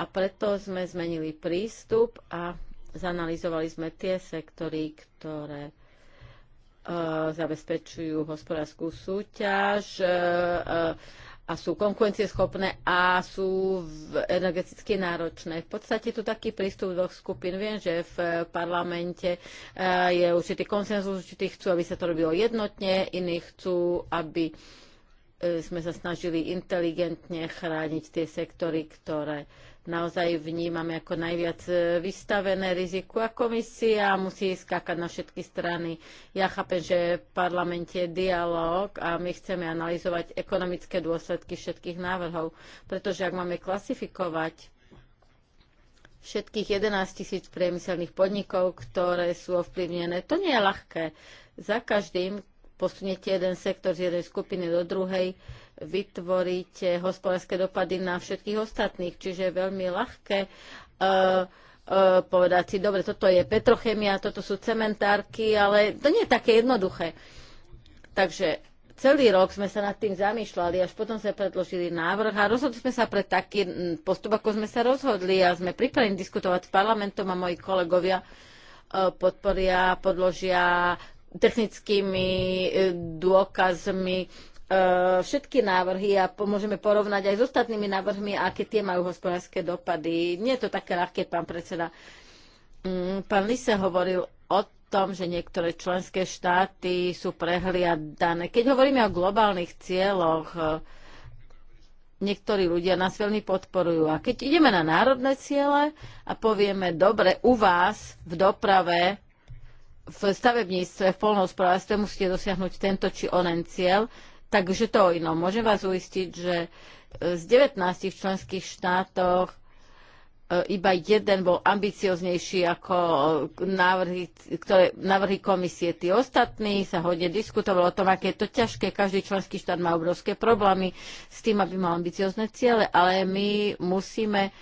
A preto sme zmenili prístup a zanalizovali sme tie sektory, ktoré uh, zabezpečujú hospodárskú súťaž, uh, uh, a sú konkurencieschopné a sú energeticky náročné. V podstate tu taký prístup dvoch skupín. Viem, že v parlamente eh, je určitý konsenzus, určitý, chcú, aby sa to robilo jednotne, iní chcú, aby eh, sme sa snažili inteligentne chrániť tie sektory, ktoré naozaj vnímame ako najviac e, vystavené riziku a komisia musí skákať na všetky strany. Ja chápem, že v parlamente je dialog a my chceme analyzovať ekonomické dôsledky všetkých návrhov, pretože ak máme klasifikovať všetkých 11 tisíc priemyselných podnikov, ktoré sú ovplyvnené, to nie je ľahké. Za každým posuniete jeden sektor z jednej skupiny do druhej, vytvoriť hospodárske dopady na všetkých ostatných. Čiže je veľmi ľahké e, e, povedať si, dobre, toto je petrochemia, toto sú cementárky, ale to nie je také jednoduché. Takže celý rok sme sa nad tým zamýšľali, až potom sme predložili návrh a rozhodli sme sa pre taký postup, ako sme sa rozhodli a sme pripravení diskutovať s parlamentom a moji kolegovia e, podporia, podložia technickými e, dôkazmi E, všetky návrhy a môžeme porovnať aj s ostatnými návrhmi, aké tie majú hospodárske dopady. Nie je to také ľahké, pán predseda. Mm, pán Lise hovoril o tom, že niektoré členské štáty sú prehliadané. Keď hovoríme o globálnych cieľoch, e, niektorí ľudia nás veľmi podporujú. A keď ideme na národné ciele a povieme, dobre, u vás v doprave, v stavebníctve, v polnohospodárstve musíte dosiahnuť tento či onen cieľ, Takže to ino. Môžem vás uistiť, že e, z 19 členských štátoch e, iba jeden bol ambicioznejší ako e, návrhy, ktoré, návrhy komisie. Tí ostatní sa hodne diskutovalo o tom, aké je to ťažké. Každý členský štát má obrovské problémy s tým, aby mal ambiciozne ciele, ale my musíme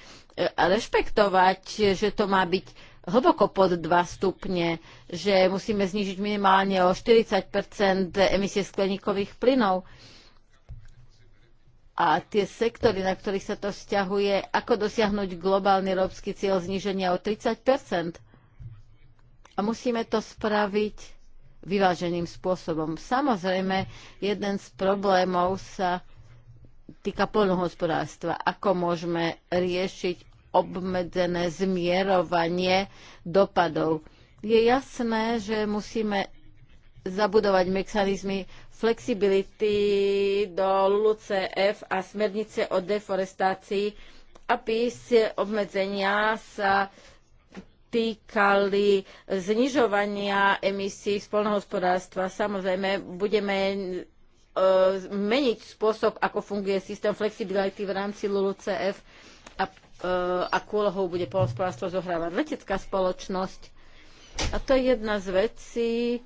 rešpektovať, že to má byť hlboko pod 2 stupne, že musíme znižiť minimálne o 40 emisie skleníkových plynov. A tie sektory, na ktorých sa to vzťahuje, ako dosiahnuť globálny európsky cieľ zníženia o 30 A musíme to spraviť vyváženým spôsobom. Samozrejme, jeden z problémov sa týka poľnohospodárstva. Ako môžeme riešiť obmedzené zmierovanie dopadov. Je jasné, že musíme zabudovať mechanizmy flexibility do LUCF a smernice o deforestácii, aby si obmedzenia sa týkali znižovania emisí spolnohospodárstva. Samozrejme, budeme e, meniť spôsob, ako funguje systém flexibility v rámci LULUCF a E, akú úlohou bude polospodárstvo zohrávať letecká spoločnosť. A to je jedna z vecí, e,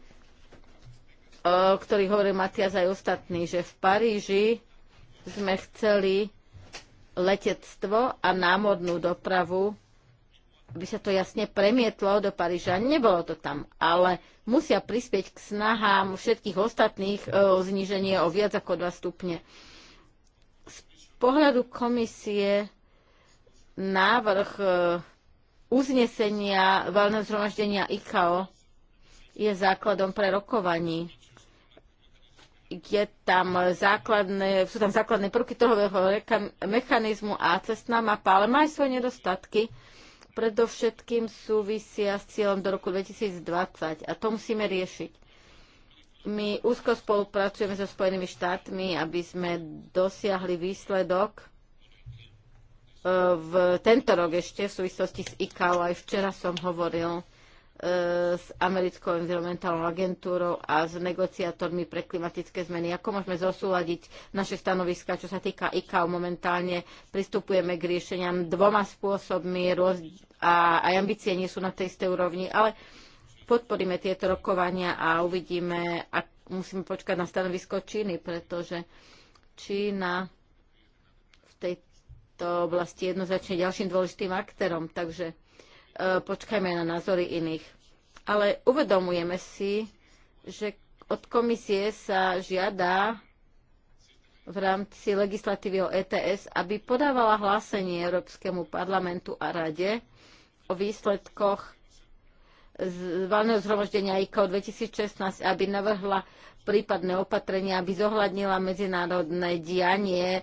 o ktorých hovorí Matias aj ostatní, že v Paríži sme chceli letectvo a námornú dopravu, aby sa to jasne premietlo do Paríža. Nebolo to tam, ale musia prispieť k snahám všetkých ostatných e, o zniženie o viac ako 2 stupne. Z pohľadu komisie návrh e, uznesenia valného zhromaždenia ICAO je základom pre rokovaní. Je tam základné, sú tam základné prvky trhového mechanizmu a cestná mapa, ale má aj svoje nedostatky. Predovšetkým súvisia s cieľom do roku 2020 a to musíme riešiť my úzko spolupracujeme so Spojenými štátmi, aby sme dosiahli výsledok v tento rok ešte v súvislosti s ICAO. Aj včera som hovoril e, s americkou environmentálnou agentúrou a s negociátormi pre klimatické zmeny. Ako môžeme zosúľadiť naše stanoviska, čo sa týka ICAO momentálne? Pristupujeme k riešeniam dvoma spôsobmi roz... a aj ambície nie sú na tej istej úrovni, ale podporíme tieto rokovania a uvidíme, ak musíme počkať na stanovisko Číny, pretože Čína tejto oblasti jednoznačne ďalším dôležitým aktérom, takže e, počkajme na názory iných. Ale uvedomujeme si, že od komisie sa žiada v rámci legislatívy o ETS, aby podávala hlásenie Európskemu parlamentu a rade o výsledkoch z valného zhromaždenia ICO 2016, aby navrhla prípadné opatrenia, aby zohľadnila medzinárodné dianie e,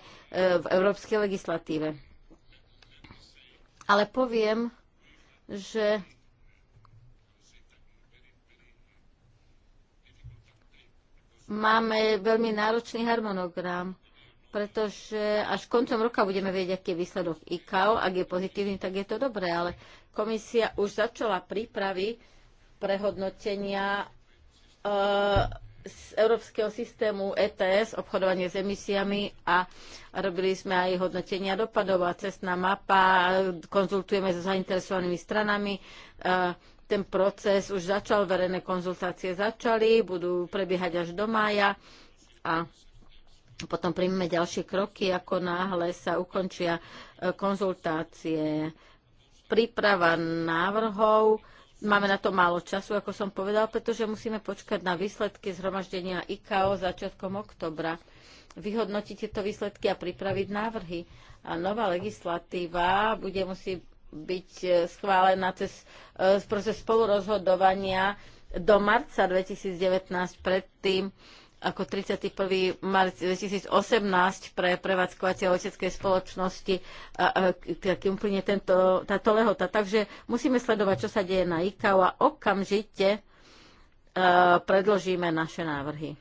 v európskej legislatíve. Ale poviem, že máme veľmi náročný harmonogram pretože až koncom roka budeme vedieť, aký je výsledok ICAO. Ak je pozitívny, tak je to dobré, ale komisia už začala prípravy prehodnotenia eh, z európskeho systému ETS, obchodovanie s emisiami a robili sme aj hodnotenia dopadov a cestná mapa, konzultujeme so zainteresovanými stranami. Eh, ten proces už začal, verejné konzultácie začali, budú prebiehať až do mája a potom príjmeme ďalšie kroky, ako náhle sa ukončia e, konzultácie. Príprava návrhov. Máme na to málo času, ako som povedal, pretože musíme počkať na výsledky zhromaždenia IKO začiatkom oktobra vyhodnotiť tieto výsledky a pripraviť návrhy. A nová legislatíva bude musí byť e, schválená cez e, proces spolurozhodovania do marca 2019 predtým, ako 31. marc 2018 pre prevádzkovacie leteckej spoločnosti, kým úplne tento, táto lehota. Takže musíme sledovať, čo sa deje na ICAO a okamžite predložíme naše návrhy.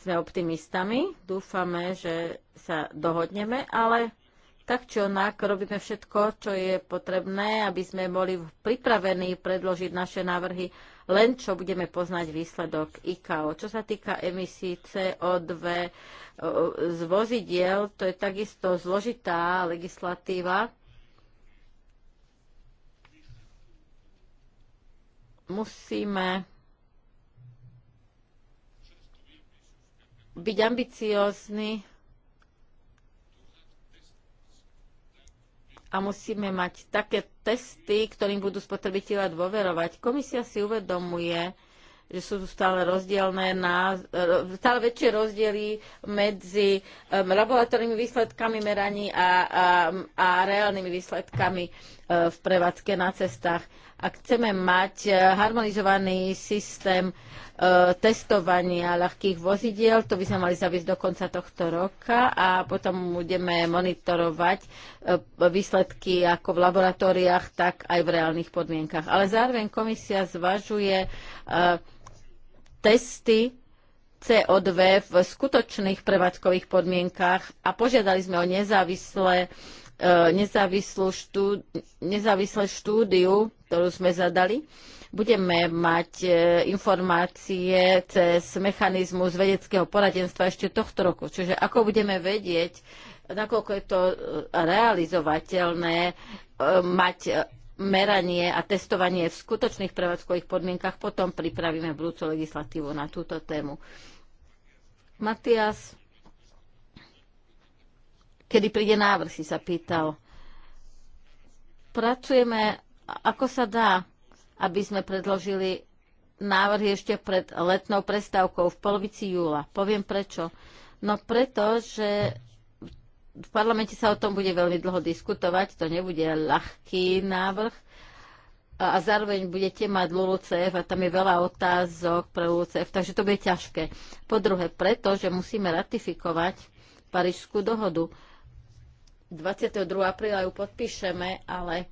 Sme optimistami, dúfame, že sa dohodneme, ale tak či onak robíme všetko, čo je potrebné, aby sme boli pripravení predložiť naše návrhy len čo budeme poznať výsledok ICAO. Čo sa týka emisí CO2 z vozidiel, to je takisto zložitá legislatíva. Musíme byť ambiciózni a musíme mať také testy, ktorým budú spotrebitelia dôverovať. Komisia si uvedomuje, že sú stále rozdielne na, e, stále väčšie rozdiely medzi e, laboratórnymi výsledkami meraní a, a, a reálnymi výsledkami e, v prevádzke na cestách. Ak chceme mať e, harmonizovaný systém e, testovania ľahkých vozidiel, to by sme mali zaviesť do konca tohto roka a potom budeme monitorovať e, výsledky ako v laboratóriách, tak aj v reálnych podmienkach. Ale zároveň komisia zvažuje testy CO2 v skutočných prevádzkových podmienkach a požiadali sme o nezávislé, nezávislú štú, nezávislé štúdiu ktorú sme zadali. Budeme mať e, informácie cez mechanizmus vedeckého poradenstva ešte tohto roku. Čiže ako budeme vedieť, nakoľko je to e, realizovateľné, e, mať meranie a testovanie v skutočných prevádzkových podmienkach, potom pripravíme budúcu legislatívu na túto tému. Matias, kedy príde návrh, si sa pýtal. Pracujeme ako sa dá, aby sme predložili návrh ešte pred letnou prestávkou v polovici júla? Poviem prečo. No preto, že v parlamente sa o tom bude veľmi dlho diskutovať, to nebude ľahký návrh a zároveň budete mať LULUCF a tam je veľa otázok pre LULUCF, takže to bude ťažké. Po druhé, preto, že musíme ratifikovať Parížskú dohodu. 22. apríla ju podpíšeme, ale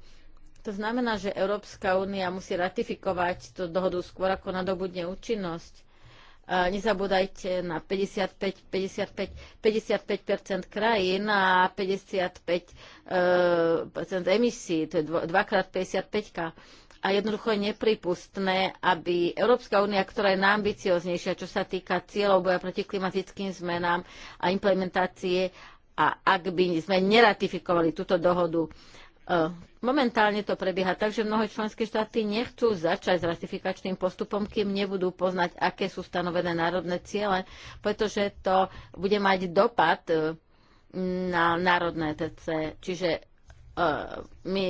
to znamená, že Európska únia musí ratifikovať tú dohodu skôr ako nadobudne účinnosť. nezabúdajte na 55, 55, 55 krajín a 55 e, emisí, to je dvakrát 55 a jednoducho je nepripustné, aby Európska únia, ktorá je najambicioznejšia, čo sa týka cieľov boja proti klimatickým zmenám a implementácie, a ak by sme neratifikovali túto dohodu, Eh, momentálne to prebieha tak, že mnohé členské štáty nechcú začať s ratifikačným postupom, kým nebudú poznať, aké sú stanovené národné ciele, pretože to bude mať dopad eh, na národné TC. Čiže eh, my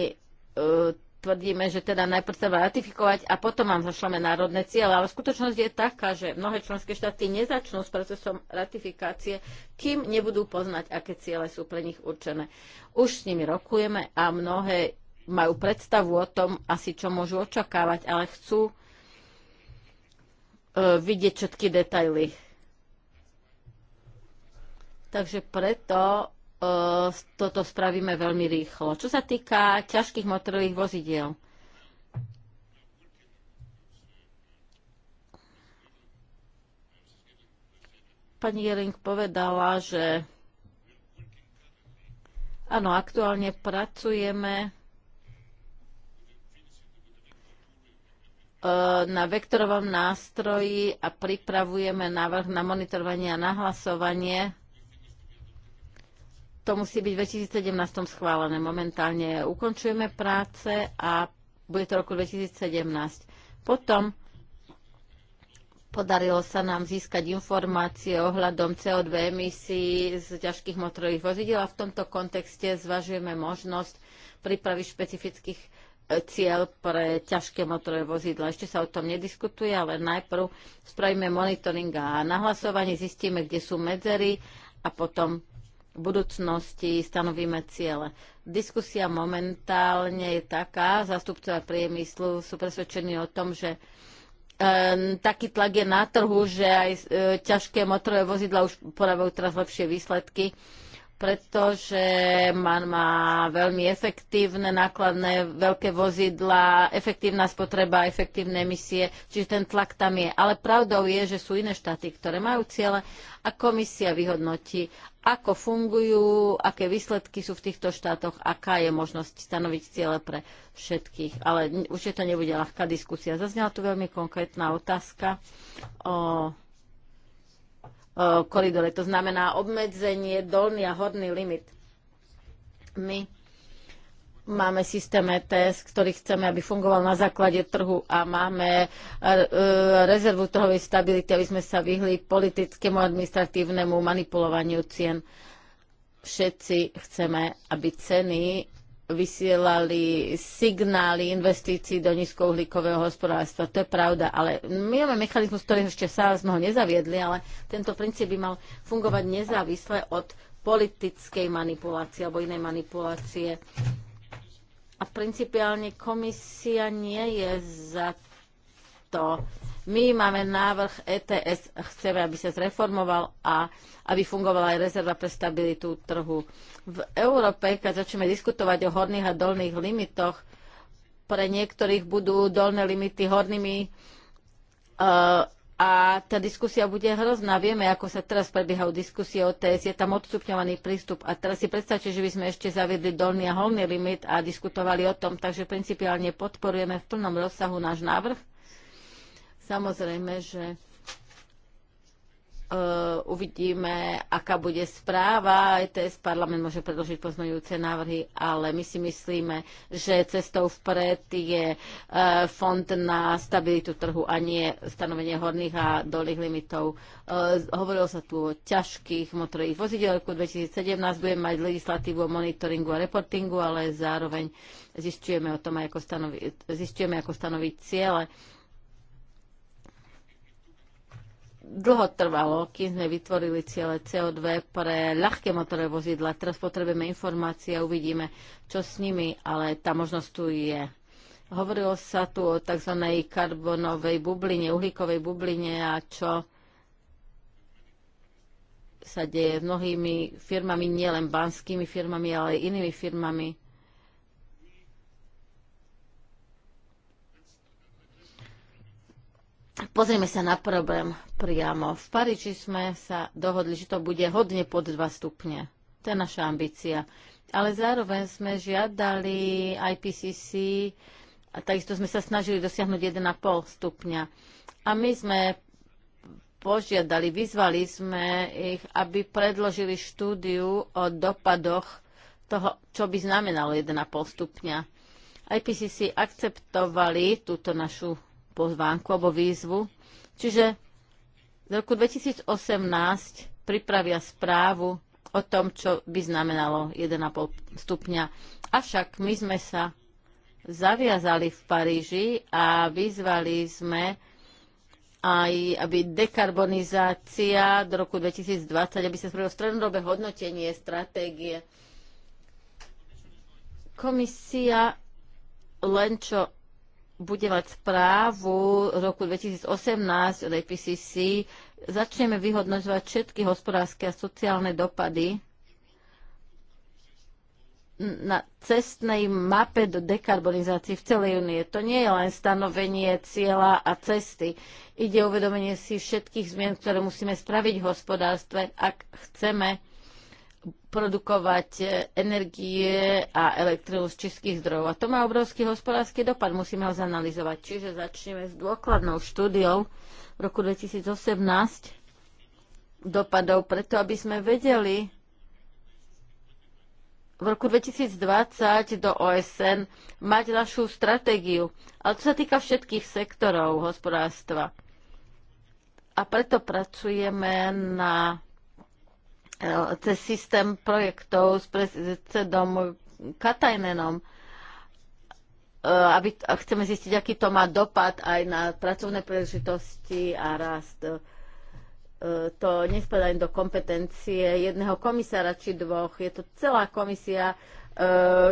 tvrdíme, že teda najprv treba ratifikovať a potom vám zašleme národné ciele. Ale skutočnosť je taká, že mnohé členské štáty nezačnú s procesom ratifikácie, kým nebudú poznať, aké ciele sú pre nich určené. Už s nimi rokujeme a mnohé majú predstavu o tom asi, čo môžu očakávať, ale chcú e, vidieť všetky detaily. Takže preto Eh, toto spravíme veľmi rýchlo. Čo sa týka ťažkých motorových vozidiel, pani Jering povedala, že áno, aktuálne pracujeme eh, na vektorovom nástroji a pripravujeme návrh na monitorovanie a nahlasovanie to musí byť v 2017 schválené. Momentálne ukončujeme práce a bude to roku 2017. Potom podarilo sa nám získať informácie ohľadom CO2 emisí z ťažkých motorových vozidiel a v tomto kontexte zvažujeme možnosť prípravy špecifických e, cieľ pre ťažké motorové vozidla. Ešte sa o tom nediskutuje, ale najprv spravíme monitoring a nahlasovanie, zistíme, kde sú medzery a potom v budúcnosti stanovíme ciele. Diskusia momentálne je taká, zastupcovia priemyslu sú presvedčení o tom, že taký tlak je na trhu, že aj e, ťažké motorové vozidla už podávajú teraz lepšie výsledky. E, pretože man má veľmi efektívne nákladné veľké vozidla, efektívna spotreba, efektívne emisie, čiže ten tlak tam je. Ale pravdou je, že sú iné štáty, ktoré majú ciele a komisia vyhodnotí, ako fungujú, aké výsledky sú v týchto štátoch, aká je možnosť stanoviť ciele pre všetkých. Ale určite to nebude ľahká diskusia. Zaznela tu veľmi konkrétna otázka o E, koridore. To znamená obmedzenie dolný a horný limit. My máme systém ETS, ktorý chceme, aby fungoval na základe trhu a máme e, e, rezervu trhovej stability, aby sme sa vyhli politickému administratívnemu manipulovaniu cien. Všetci chceme, aby ceny vysielali signály investícií do nízkouhlíkového hospodárstva. To je pravda, ale my máme mechanizmus, ktorý ešte sa sme ho nezaviedli, ale tento princíp by mal fungovať nezávisle od politickej manipulácie alebo inej manipulácie. A principiálne komisia nie je za to, my máme návrh ETS, chceme, aby sa zreformoval a aby fungovala aj rezerva pre stabilitu trhu. V Európe, keď začneme diskutovať o horných a dolných limitoch, pre niektorých budú dolné limity hornými uh, a tá diskusia bude hrozná. Vieme, ako sa teraz prebiehajú diskusie o e TS, je tam odstupňovaný prístup. A teraz si predstavte, že by sme ešte zaviedli dolný a holný limit a diskutovali o tom, takže principiálne podporujeme v plnom rozsahu náš návrh Samozrejme, že Uh, uvidíme, aká bude správa. ETS parlament môže predložiť poznajúce návrhy, ale my si myslíme, že cestou vpred je uh, fond na stabilitu trhu a nie stanovenie horných a dolných limitov. Uh, hovorilo sa tu o ťažkých motorových vozidel. V roku 2017 budeme mať legislatívu o monitoringu a reportingu, ale zároveň zistujeme, o tom, ako stanovi, zistujeme, ako stanoviť ciele dlho trvalo, kým sme vytvorili ciele CO2 pre ľahké motorové vozidla. Teraz potrebujeme informácie a uvidíme, čo s nimi, ale tá možnosť tu je. Hovorilo sa tu o tzv. karbonovej bubline, uhlíkovej bubline a čo sa deje s mnohými firmami, nielen banskými firmami, ale aj inými firmami Pozrieme sa na problém priamo. V Paríži sme sa dohodli, že to bude hodne pod 2 stupne. To je naša ambícia. Ale zároveň sme žiadali IPCC a takisto sme sa snažili dosiahnuť 1,5 stupňa. A my sme požiadali, vyzvali sme ich, aby predložili štúdiu o dopadoch toho, čo by znamenalo 1,5 stupňa. IPCC akceptovali túto našu pozvánku alebo výzvu. Čiže v roku 2018 pripravia správu o tom, čo by znamenalo 1,5 stupňa. Avšak my sme sa zaviazali v Paríži a vyzvali sme aj, aby dekarbonizácia do roku 2020, aby sa spravilo strednodobé hodnotenie stratégie. Komisia len čo bude mať správu roku 2018 od IPCC, začneme vyhodnozovať všetky hospodárske a sociálne dopady na cestnej mape do dekarbonizácie v celej únie. To nie je len stanovenie cieľa a cesty. Ide o uvedomenie si všetkých zmien, ktoré musíme spraviť v hospodárstve, ak chceme produkovať e, energie a elektrínu z českých zdrojov. A to má obrovský hospodársky dopad, musíme ho zanalizovať. Čiže začneme s dôkladnou štúdiou v roku 2018 dopadov, preto aby sme vedeli v roku 2020 do OSN mať našu stratégiu. Ale to sa týka všetkých sektorov hospodárstva. A preto pracujeme na Eh, cez systém projektov s predsedom Katajnenom eh, aby, a chceme zistiť, aký to má dopad aj na pracovné príležitosti a rast. Eh, to nespadá do kompetencie jedného komisára či dvoch. Je to celá komisia,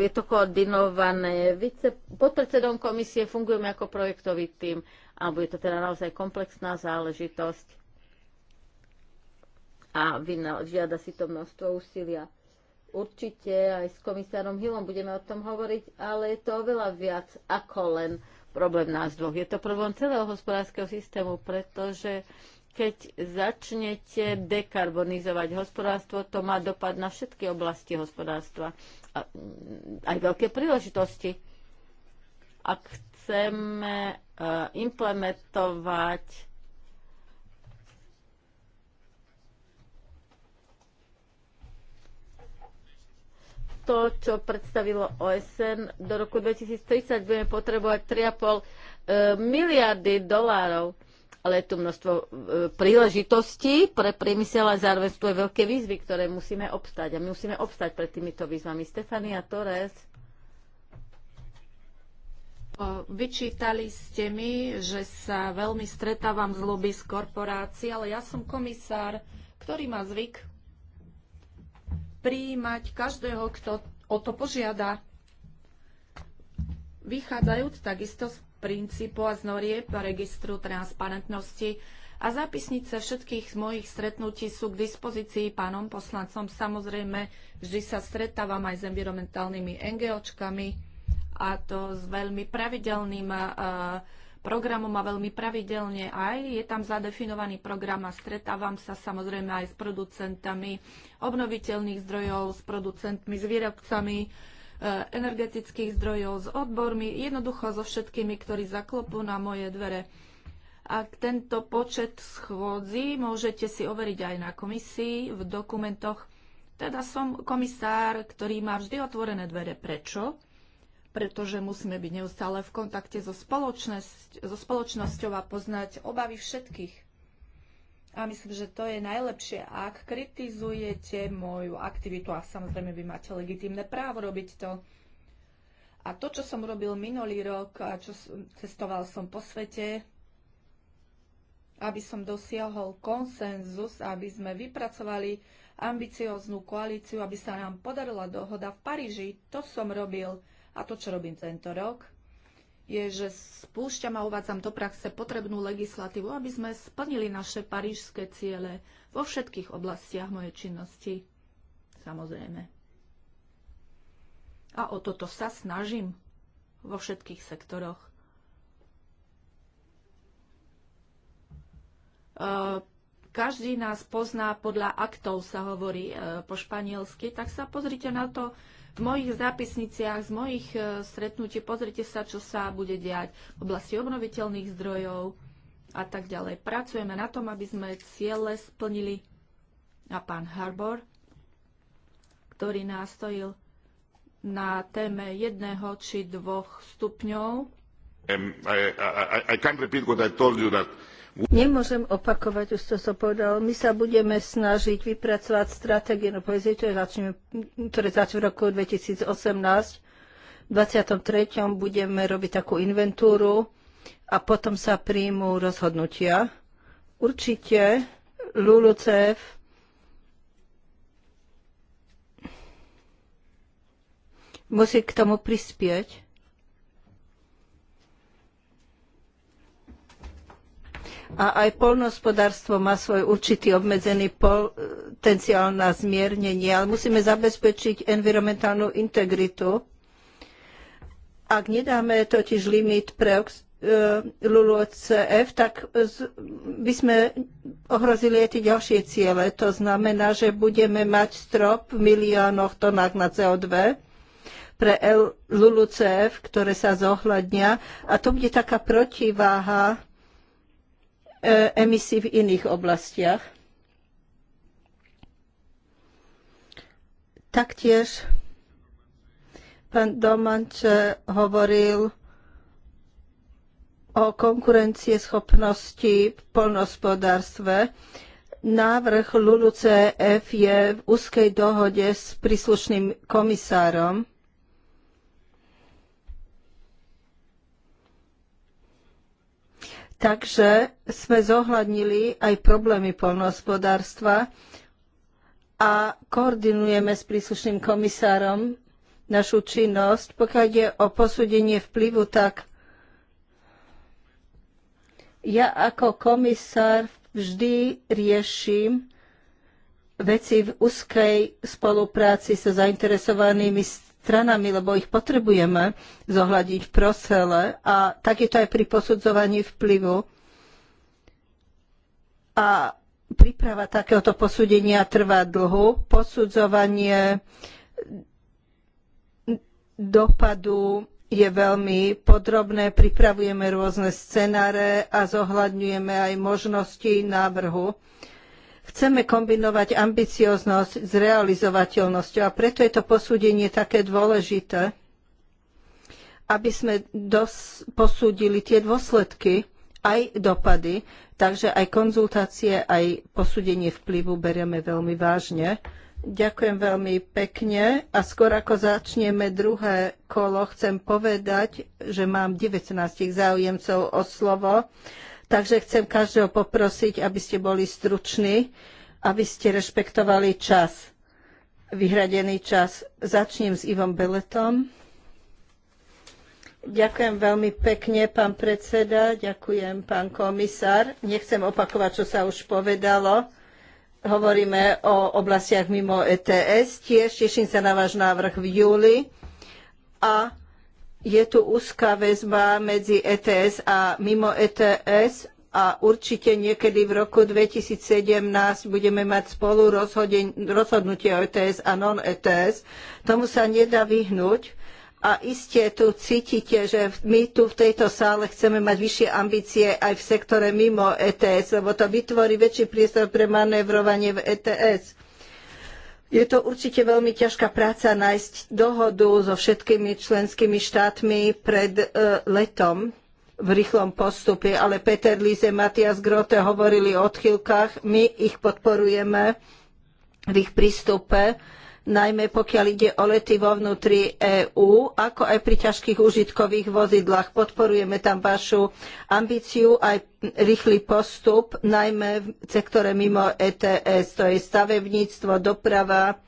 je to koordinované. Vice, predsedom komisie fungujeme ako projektový tým Alebo je to teda naozaj komplexná záležitosť a žiada si to množstvo úsilia. Určite aj s komisárom Hillom budeme o tom hovoriť, ale je to oveľa viac ako len problém nás dvoch. Je to problém celého hospodárskeho systému, pretože keď začnete dekarbonizovať hospodárstvo, to má dopad na všetky oblasti hospodárstva. A, mm, aj veľké príležitosti. Ak chceme eh, implementovať to, čo predstavilo OSN, do roku 2030 budeme potrebovať 3,5 e, miliardy dolárov. Ale je tu množstvo e, príležitostí pre priemysel a zároveň sú veľké výzvy, ktoré musíme obstať. A my musíme obstať pred týmito výzvami. Stefania Torres. Vyčítali ste mi, že sa veľmi stretávam s lobby z korporácií, ale ja som komisár, ktorý má zvyk prijímať každého, kto o to požiada. Vychádzajúc takisto z princípu a z norieb registru transparentnosti a zápisnice všetkých z mojich stretnutí sú k dispozícii pánom poslancom. Samozrejme, vždy sa stretávam aj s environmentálnymi NGOčkami a to s veľmi pravidelným uh, programom a veľmi pravidelne aj je tam zadefinovaný program a stretávam sa samozrejme aj s producentami obnoviteľných zdrojov, s producentmi, s výrobcami e, energetických zdrojov, s odbormi, jednoducho so všetkými, ktorí zaklopú na moje dvere. A tento počet schôdzi môžete si overiť aj na komisii v dokumentoch. Teda som komisár, ktorý má vždy otvorené dvere. Prečo? pretože musíme byť neustále v kontakte so, spoločnosť, so spoločnosťou a poznať obavy všetkých. A myslím, že to je najlepšie, ak kritizujete moju aktivitu a samozrejme vy máte legitímne právo robiť to. A to, čo som robil minulý rok a čo cestoval som po svete, aby som dosiahol konsenzus, aby sme vypracovali ambicióznu koalíciu, aby sa nám podarila dohoda v Paríži, to som robil. A to, čo robím tento rok, je, že spúšťam a uvádzam do praxe potrebnú legislatívu, aby sme splnili naše parížské ciele vo všetkých oblastiach mojej činnosti. Samozrejme. A o toto sa snažím vo všetkých sektoroch. E, každý nás pozná podľa aktov, sa hovorí e, po španielsky, tak sa pozrite na to, v mojich zápisniciach, z mojich e, stretnutí, pozrite sa, čo sa bude diať v oblasti obnoviteľných zdrojov a tak ďalej. Pracujeme na tom, aby sme ciele splnili. A pán Harbor, ktorý nástojil na téme jedného či dvoch stupňov. Um, I, I, I, I can't repeat what I told you that Nemôžem opakovať už to, čo povedal. My sa budeme snažiť vypracovať stratégie no povedzme, ktoré začneme, ktoré začnú v roku 2018. V 23. budeme robiť takú inventúru a potom sa príjmú rozhodnutia. Určite LULUCF musí k tomu prispieť a aj poľnohospodárstvo má svoj určitý obmedzený potenciál na zmiernenie, ale musíme zabezpečiť environmentálnu integritu. Ak nedáme totiž limit pre e, LULUCF, tak by sme ohrozili aj tie ďalšie ciele. To znamená, že budeme mať strop v miliónoch tonách na CO2 pre LULUCF, ktoré sa zohľadnia. A to bude taká protiváha E, emisí v iných oblastiach. Taktiež pán Domanče hovoril o schopnosti v polnospodárstve. Návrh LULUCF je v úzkej dohode s príslušným komisárom Takže sme zohľadnili aj problémy poľnohospodárstva a koordinujeme s príslušným komisárom našu činnosť. Pokiaľ ide o posúdenie vplyvu, tak ja ako komisár vždy riešim veci v úzkej spolupráci so zainteresovanými stranami, lebo ich potrebujeme zohľadiť v prosele a tak je to aj pri posudzovaní vplyvu. A príprava takéhoto posúdenia trvá dlho. Posudzovanie dopadu je veľmi podrobné, pripravujeme rôzne scenáre a zohľadňujeme aj možnosti návrhu. Chceme kombinovať ambicioznosť s realizovateľnosťou a preto je to posúdenie také dôležité, aby sme dos- posúdili tie dôsledky, aj dopady, takže aj konzultácie, aj posúdenie vplyvu berieme veľmi vážne. Ďakujem veľmi pekne a skôr ako začneme druhé kolo, chcem povedať, že mám 19 záujemcov o slovo Takže chcem každého poprosiť, aby ste boli struční, aby ste rešpektovali čas, vyhradený čas. Začnem s Ivom Beletom. Ďakujem veľmi pekne, pán predseda, ďakujem, pán komisár. Nechcem opakovať, čo sa už povedalo. Hovoríme o oblastiach mimo ETS. Tiež teším sa na váš návrh v júli. A je tu úzká väzba medzi ETS a mimo ETS a určite niekedy v roku 2017 budeme mať spolu rozhodnutie o ETS a non-ETS. Tomu sa nedá vyhnúť a iste tu cítite, že my tu v tejto sále chceme mať vyššie ambície aj v sektore mimo ETS, lebo to vytvorí väčší priestor pre manévrovanie v ETS je to určite veľmi ťažká práca nájsť dohodu so všetkými členskými štátmi pred e, letom v rýchlom postupe, ale Peter Líze, Matias Grote hovorili o odchýlkach, my ich podporujeme v ich prístupe najmä pokiaľ ide o lety vo vnútri EÚ, ako aj pri ťažkých užitkových vozidlách. Podporujeme tam vašu ambíciu aj rýchly postup, najmä v sektore mimo ETS, to je stavebníctvo, doprava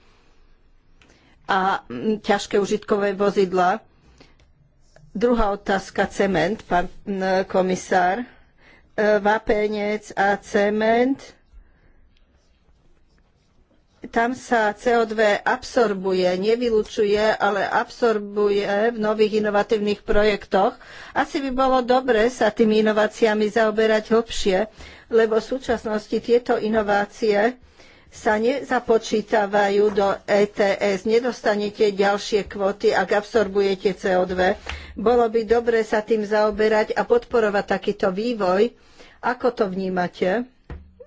a mm, ťažké užitkové vozidlá. Druhá otázka, cement, pán mm, komisár. E, vápenec a cement tam sa CO2 absorbuje, nevylučuje, ale absorbuje v nových inovatívnych projektoch. Asi by bolo dobre sa tými inováciami zaoberať hlbšie, lebo v súčasnosti tieto inovácie sa nezapočítavajú do ETS, nedostanete ďalšie kvóty, ak absorbujete CO2. Bolo by dobre sa tým zaoberať a podporovať takýto vývoj. Ako to vnímate?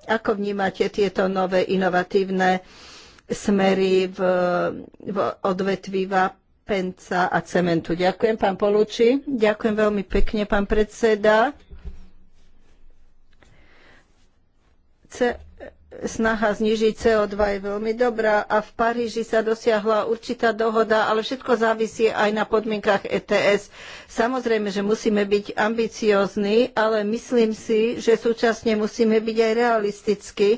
Ako vnímate tieto nové inovatívne smery v, v odvetví vápenca a cementu? Ďakujem, pán Poluči. Ďakujem veľmi pekne, pán predseda snaha znižiť CO2 je veľmi dobrá a v Paríži sa dosiahla určitá dohoda, ale všetko závisí aj na podmienkach ETS. Samozrejme, že musíme byť ambiciózni, ale myslím si, že súčasne musíme byť aj realistickí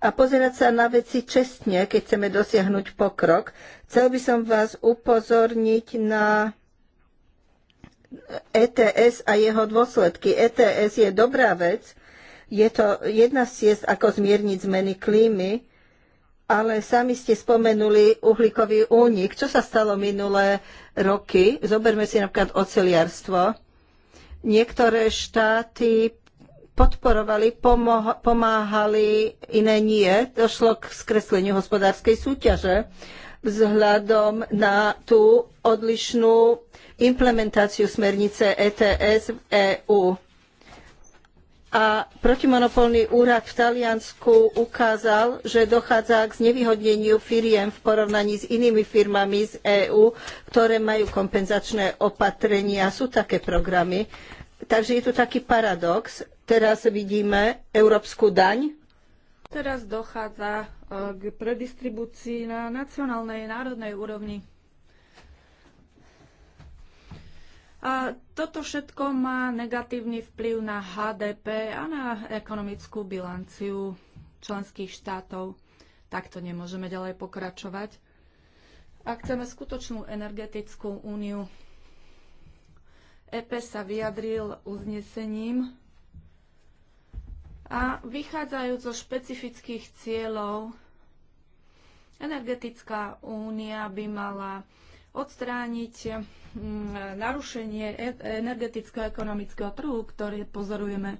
a pozerať sa na veci čestne, keď chceme dosiahnuť pokrok. Chcel by som vás upozorniť na ETS a jeho dôsledky. ETS je dobrá vec, je to jedna z ciest, ako zmierniť zmeny klímy, ale sami ste spomenuli uhlíkový únik. Čo sa stalo minulé roky? Zoberme si napríklad oceliarstvo. Niektoré štáty podporovali, pomáhali, iné nie. Došlo k skresleniu hospodárskej súťaže vzhľadom na tú odlišnú implementáciu smernice ETS v EÚ a protimonopolný úrad v Taliansku ukázal, že dochádza k znevýhodneniu firiem v porovnaní s inými firmami z EÚ, ktoré majú kompenzačné opatrenia. Sú také programy. Takže je tu taký paradox. Teraz vidíme európsku daň. Teraz dochádza e, k predistribúcii na nacionálnej národnej úrovni. A toto všetko má negatívny vplyv na HDP a na ekonomickú bilanciu členských štátov. Takto nemôžeme ďalej pokračovať. Ak chceme skutočnú energetickú úniu, EP sa vyjadril uznesením a vychádzajú zo špecifických cieľov, energetická únia by mala odstrániť mm, narušenie e- energetického a ekonomického trhu, ktoré pozorujeme.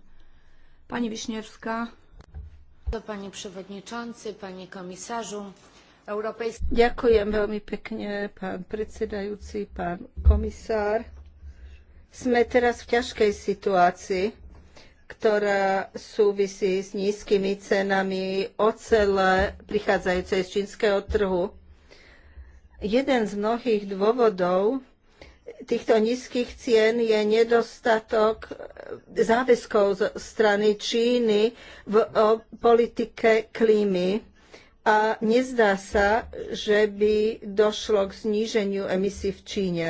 Pani Višnevská. Pani przewodniczący, panie komisarzu. Ďakujem veľmi pekne, pán predsedajúci, pán komisár. Sme teraz v ťažkej situácii, ktorá súvisí s nízkymi cenami ocele prichádzajúcej z čínskeho trhu Jeden z mnohých dôvodov týchto nízkych cien je nedostatok záväzkov z strany Číny v politike klímy a nezdá sa, že by došlo k zníženiu emisí v Číne.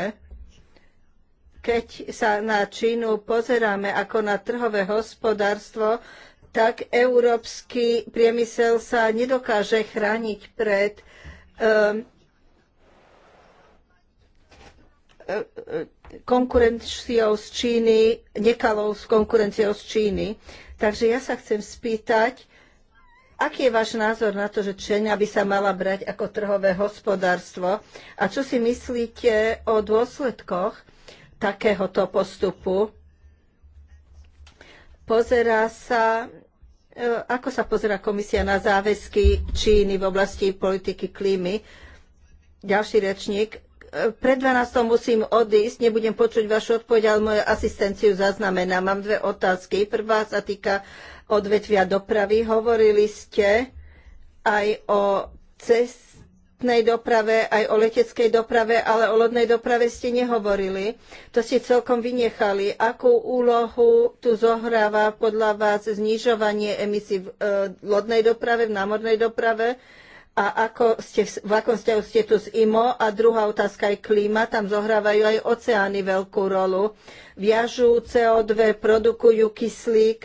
Keď sa na Čínu pozeráme ako na trhové hospodárstvo, tak európsky priemysel sa nedokáže chrániť pred um, konkurenciou z Číny, nekalou s konkurenciou z Číny. Takže ja sa chcem spýtať, aký je váš názor na to, že Čeňa by sa mala brať ako trhové hospodárstvo a čo si myslíte o dôsledkoch takéhoto postupu? Pozerá sa e, ako sa pozera komisia na záväzky Číny v oblasti politiky klímy? Ďalší rečník pred 12. musím odísť, nebudem počuť vašu odpoveď, ale moju asistenciu zaznamená. Mám dve otázky. Prvá sa týka odvetvia dopravy. Hovorili ste aj o cestnej doprave, aj o leteckej doprave, ale o lodnej doprave ste nehovorili. To ste celkom vynechali. Akú úlohu tu zohráva podľa vás znižovanie emisí v e, lodnej doprave, v námornej doprave? a ako ste, v akom vzťahu ste tu s IMO a druhá otázka je klíma, tam zohrávajú aj oceány veľkú rolu. Viažú CO2, produkujú kyslík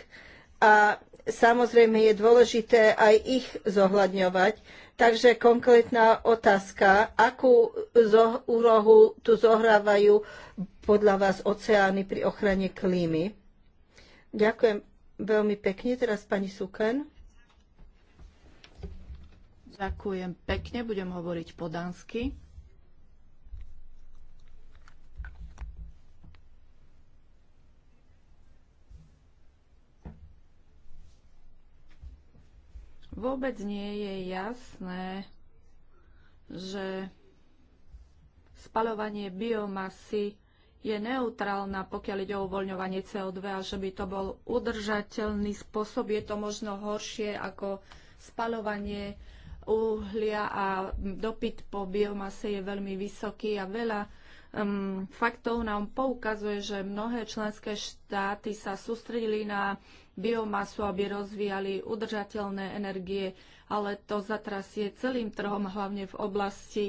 a samozrejme je dôležité aj ich zohľadňovať. Takže konkrétna otázka, akú úlohu tu zohrávajú podľa vás oceány pri ochrane klímy? Ďakujem veľmi pekne. Teraz pani Suken. Ďakujem pekne, budem hovoriť po dánsky. Vôbec nie je jasné, že spaľovanie biomasy je neutrálna, pokiaľ ide o uvoľňovanie CO2 a že by to bol udržateľný spôsob. Je to možno horšie ako spaľovanie uhlia a dopyt po biomase je veľmi vysoký a veľa um, faktov nám poukazuje, že mnohé členské štáty sa sústredili na biomasu, aby rozvíjali udržateľné energie, ale to zatrasie celým trhom, hlavne v oblasti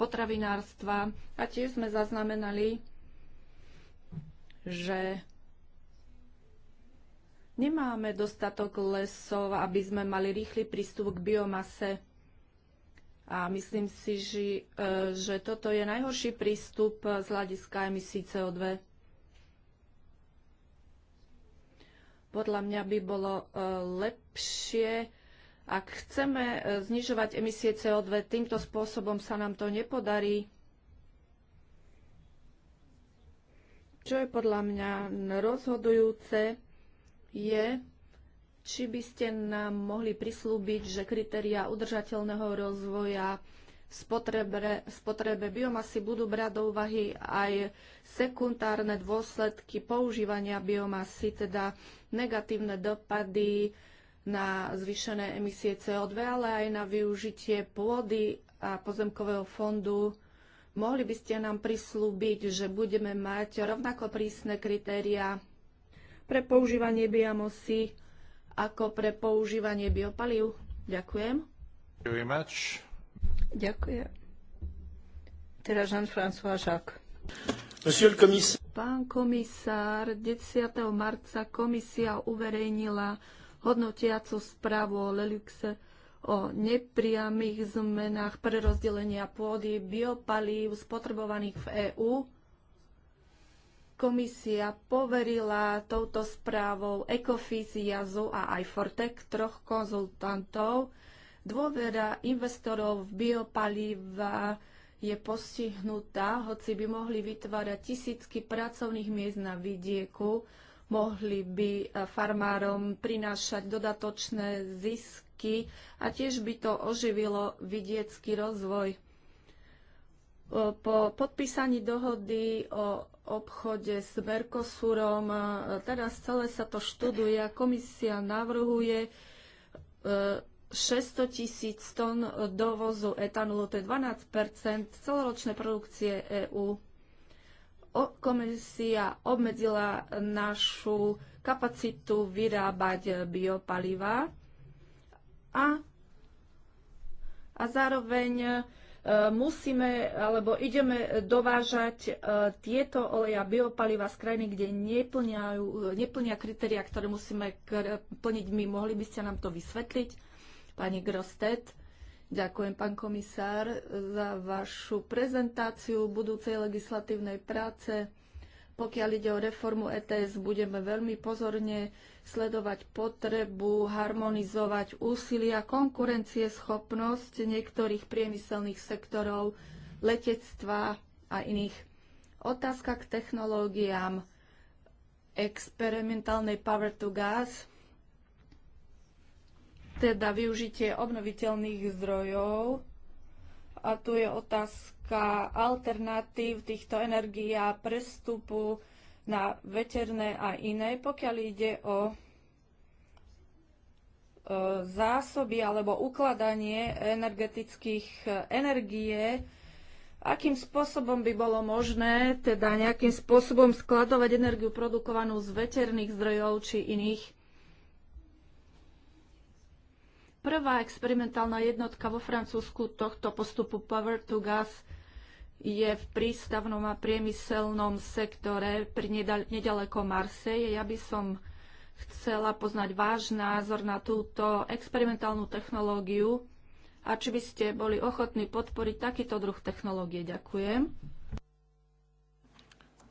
potravinárstva. A tiež sme zaznamenali, že nemáme dostatok lesov, aby sme mali rýchly prístup k biomase a myslím si, že, že toto je najhorší prístup e, z hľadiska emisí CO2. Podľa mňa by bolo e, lepšie, ak chceme e, znižovať emisie CO2, týmto spôsobom sa nám to nepodarí. Čo je podľa mňa rozhodujúce, je, či by ste nám mohli prislúbiť, že kritéria udržateľného rozvoja spotrebe, spotrebe biomasy budú brať do úvahy aj sekundárne dôsledky používania biomasy, teda negatívne dopady na zvýšené emisie CO2, ale aj na využitie pôdy a pozemkového fondu. Mohli by ste nám prislúbiť, že budeme mať rovnako prísne kritéria pre používanie biomasy ako pre používanie biopalív. Ďakujem. Ďakujem. Teraz Jean-François Jacques. Pán komisár, 10. marca komisia uverejnila hodnotiacu správu o Leluxe o nepriamých zmenách prerozdelenia pôdy biopalív spotrebovaných v EÚ Komisia poverila touto správou Ecofis, Jazu a iFortech troch konzultantov. Dôvera investorov v biopaliva je postihnutá, hoci by mohli vytvárať tisícky pracovných miest na vidieku, mohli by e, farmárom prinášať dodatočné zisky a tiež by to oživilo vidiecký rozvoj. Po podpísaní dohody o obchode s Mercosurom, e, teraz celé sa to študuje a komisia navrhuje 600 e, tisíc tón dovozu etanolu, to je 12 celoročnej produkcie EÚ. Komisia obmedzila našu kapacitu vyrábať biopalivá a, a zároveň E, musíme alebo ideme dovážať e, tieto oleja biopaliva z krajiny, kde neplňajú, kritéria, ktoré musíme plniť my. Mohli by ste nám to vysvetliť, pani Grostet? Ďakujem, pán komisár, za vašu prezentáciu budúcej legislatívnej práce. Pokiaľ ide o reformu ETS, budeme veľmi pozorne sledovať potrebu harmonizovať úsilia schopnosť niektorých priemyselných sektorov, letectva a iných. Otázka k technológiám experimentálnej power to gas, teda využitie obnoviteľných zdrojov a tu je otázka alternatív týchto energií a prestupu na veterné a iné, pokiaľ ide o e, zásoby alebo ukladanie energetických e, energie, akým spôsobom by bolo možné teda nejakým spôsobom skladovať energiu produkovanú z veterných zdrojov či iných Prvá experimentálna jednotka vo Francúzsku tohto postupu Power to Gas je v prístavnom a priemyselnom sektore pri nedaleko Marseille. Ja by som chcela poznať váš názor na túto experimentálnu technológiu a či by ste boli ochotní podporiť takýto druh technológie. Ďakujem.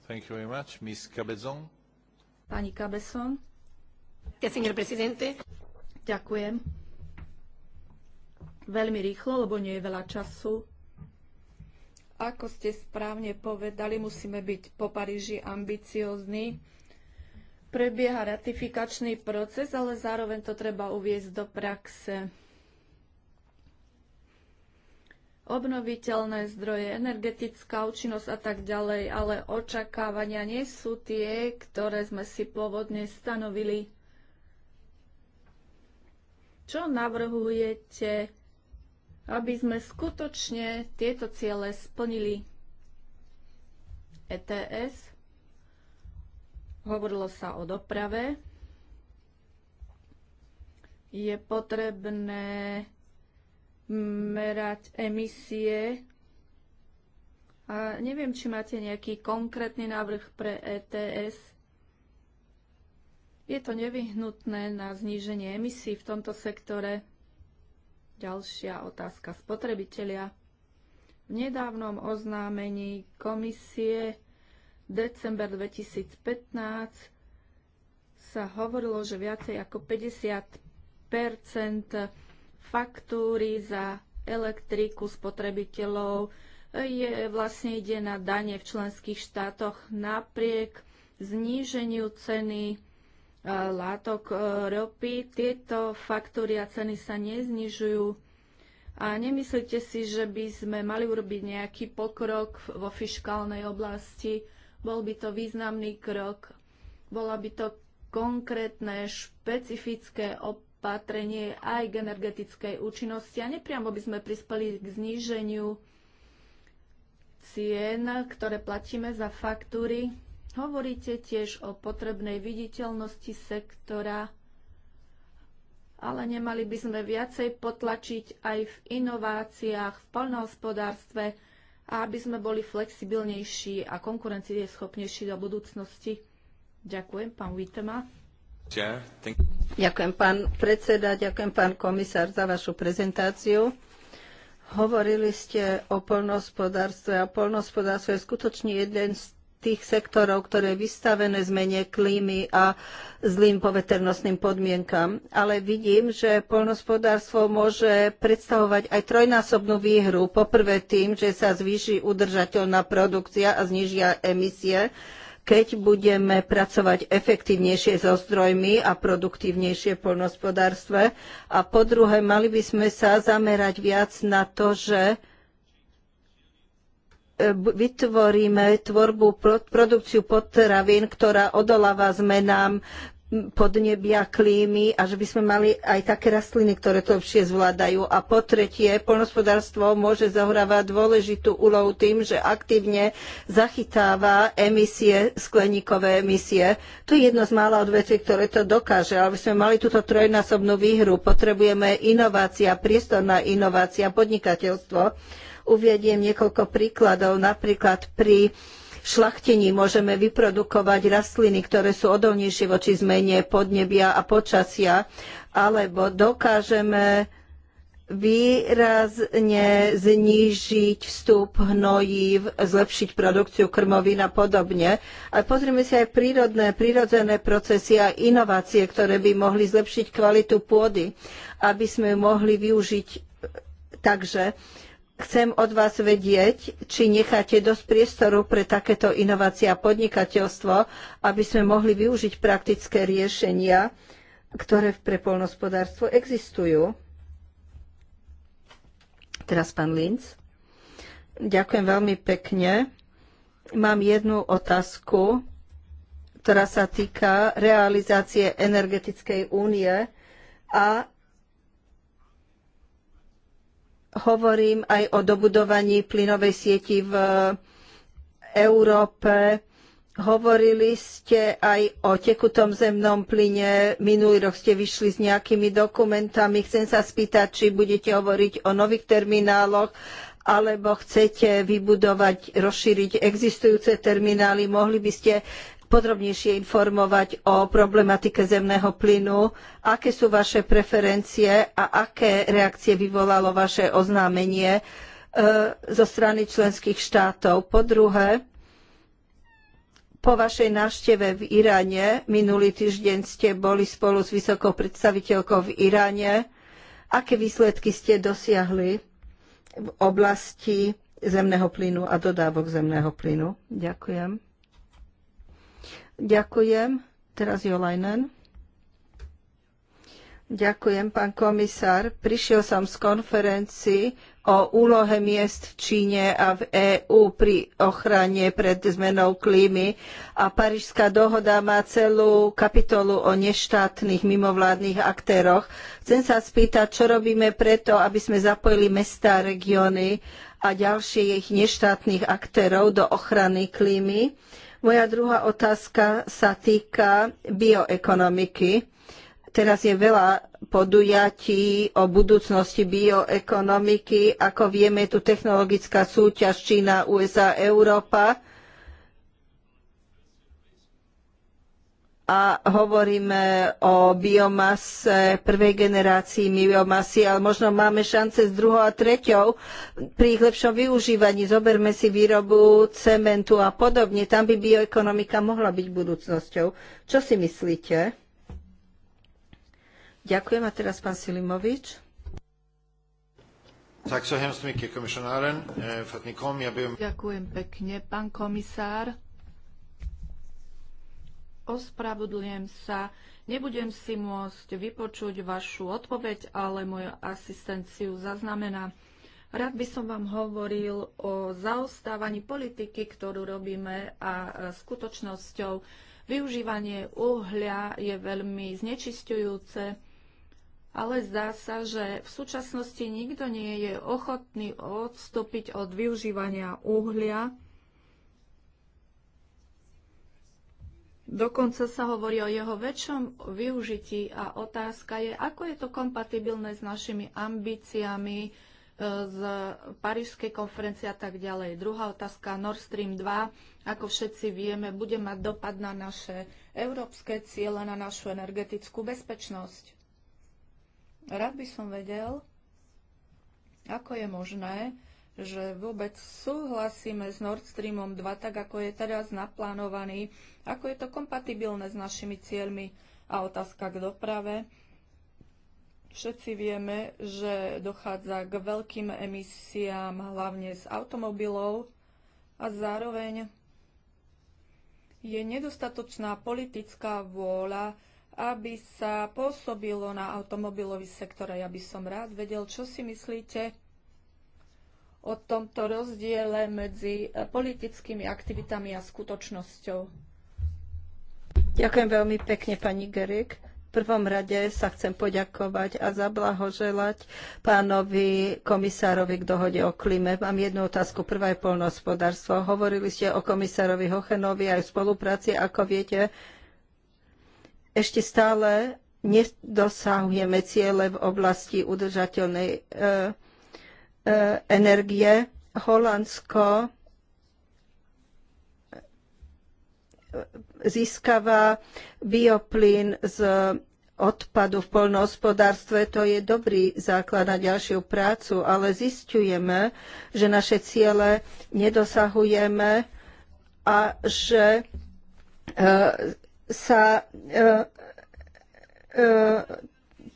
Thank you very much. Miss Cabezon. Pani Cabezon. Ja, Ďakujem veľmi rýchlo, lebo nie je veľa času. Ako ste správne povedali, musíme byť po Paríži ambiciozní. Prebieha ratifikačný proces, ale zároveň to treba uviezť do praxe. Obnoviteľné zdroje, energetická účinnosť a tak ďalej, ale očakávania nie sú tie, ktoré sme si pôvodne stanovili. Čo navrhujete aby sme skutočne tieto ciele splnili. ETS, hovorilo sa o doprave, je potrebné merať emisie. A neviem, či máte nejaký konkrétny návrh pre ETS. Je to nevyhnutné na zníženie emisí v tomto sektore. Ďalšia otázka. Spotrebitelia. V nedávnom oznámení komisie december 2015 sa hovorilo, že viacej ako 50 faktúry za elektriku spotrebiteľov eh, je, vlastne ide na dane v členských štátoch napriek zníženiu ceny látok e, ropy. Tieto faktúry a ceny sa neznižujú. A nemyslíte si, že by sme mali urobiť nejaký pokrok vo fiškálnej oblasti? Bol by to významný krok? Bola by to konkrétne, špecifické opatrenie aj k energetickej účinnosti a nepriamo by sme prispeli k zníženiu cien, ktoré platíme za faktúry Hovoríte tiež o potrebnej viditeľnosti sektora, ale nemali by sme viacej potlačiť aj v inováciách, v poľnohospodárstve a aby sme boli flexibilnejší a konkurencieschopnejší do budúcnosti. Ďakujem, pán Vítema. Ďakujem, pán predseda, ďakujem, pán komisár, za vašu prezentáciu. Hovorili ste o poľnohospodárstve a poľnohospodárstvo je skutočne jeden z tých sektorov, ktoré je vystavené zmene klímy a zlým poveternostným podmienkam. Ale vidím, že poľnospodárstvo môže predstavovať aj trojnásobnú výhru. Poprvé tým, že sa zvýši udržateľná produkcia a znižia emisie, keď budeme pracovať efektívnejšie so zdrojmi a produktívnejšie v poľnospodárstve. A po druhé, mali by sme sa zamerať viac na to, že vytvoríme tvorbu, produkciu potravín, ktorá odoláva zmenám podnebia, klímy a že by sme mali aj také rastliny, ktoré to lepšie zvládajú. A po tretie, poľnohospodárstvo môže zohrávať dôležitú úlohu tým, že aktívne zachytáva emisie, skleníkové emisie. To je jedno z mála odvetví, ktoré to dokáže, ale by sme mali túto trojnásobnú výhru. Potrebujeme inovácia, priestorná inovácia, podnikateľstvo Uvediem niekoľko príkladov. Napríklad pri šlachtení môžeme vyprodukovať rastliny, ktoré sú odolnejšie voči zmene podnebia a počasia, alebo dokážeme výrazne znížiť vstup hnojív, zlepšiť produkciu krmovín a podobne. A pozrime si aj prírodné, prírodzené procesy a inovácie, ktoré by mohli zlepšiť kvalitu pôdy, aby sme ju mohli využiť takže Chcem od vás vedieť, či necháte dosť priestoru pre takéto inovácie a podnikateľstvo, aby sme mohli využiť praktické riešenia, ktoré pre polnospodárstvo existujú. Teraz pán Linz. Ďakujem veľmi pekne. Mám jednu otázku, ktorá sa týka realizácie energetickej únie a Hovorím aj o dobudovaní plynovej sieti v eh, Európe. Hovorili ste aj o tekutom zemnom plyne. Minulý rok ste vyšli s nejakými dokumentami. Chcem sa spýtať, či budete hovoriť o nových termináloch alebo chcete vybudovať, rozšíriť existujúce terminály. Mohli by ste podrobnejšie informovať o problematike zemného plynu, aké sú vaše preferencie a aké reakcie vyvolalo vaše oznámenie e, zo strany členských štátov. Po druhé, po vašej návšteve v Iráne minulý týždeň ste boli spolu s vysokou predstaviteľkou v Iráne. Aké výsledky ste dosiahli v oblasti zemného plynu a dodávok zemného plynu? Ďakujem. Ďakujem. Teraz Jolajnen. Ďakujem, pán komisár. Prišiel som z konferencii o úlohe miest v Číne a v EÚ pri ochrane pred zmenou klímy a Parížská dohoda má celú kapitolu o neštátnych mimovládnych aktéroch. Chcem sa spýtať, čo robíme preto, aby sme zapojili mestá, regióny a ich neštátnych aktérov do ochrany klímy moja druhá otázka sa týka bioekonomiky. Teraz je veľa podujatí o budúcnosti bioekonomiky. Ako vieme, je tu technologická súťaž Čína, USA, Európa a hovoríme o biomase prvej generácii biomasy, ale možno máme šance s druhou a treťou pri ich lepšom využívaní. Zoberme si výrobu cementu a podobne. Tam by bioekonomika mohla byť budúcnosťou. Čo si myslíte? Ďakujem a teraz pán Silimovič. Eh, Ďakujem pekne, pán komisár. Ospravedlňujem sa, nebudem si môcť vypočuť vašu odpoveď, ale moju asistenciu zaznamená. Rád by som vám hovoril o zaostávaní politiky, ktorú robíme a skutočnosťou. Využívanie uhlia je veľmi znečisťujúce, ale zdá sa, že v súčasnosti nikto nie je ochotný odstúpiť od využívania uhlia Dokonca sa hovorí o jeho väčšom využití a otázka je, ako je to kompatibilné s našimi ambíciami e, z Parížskej konferencie a tak ďalej. Druhá otázka, Nord Stream 2, ako všetci vieme, bude mať dopad na naše európske ciele, na našu energetickú bezpečnosť. Rád by som vedel, ako je možné, že vôbec súhlasíme s Nord Streamom 2 tak, ako je teraz naplánovaný, ako je to kompatibilné s našimi cieľmi a otázka k doprave. Všetci vieme, že dochádza k veľkým emisiám hlavne z automobilov a zároveň je nedostatočná politická vôľa, aby sa pôsobilo na automobilový sektor. Ja by som rád vedel, čo si myslíte o tomto rozdiele medzi e, politickými aktivitami a skutočnosťou. Ďakujem veľmi pekne, pani Gerik. V prvom rade sa chcem poďakovať a zablahoželať pánovi komisárovi k dohode o klime. Mám jednu otázku. Prvá je polnohospodárstvo. Hovorili ste o komisárovi Hochenovi aj v spolupráci. Ako viete, ešte stále nedosahujeme ciele v oblasti udržateľnej e, energie. Holandsko získava bioplyn z odpadu v poľnohospodárstve, to je dobrý základ na ďalšiu prácu, ale zistujeme, že naše ciele nedosahujeme a že e, sa e, e,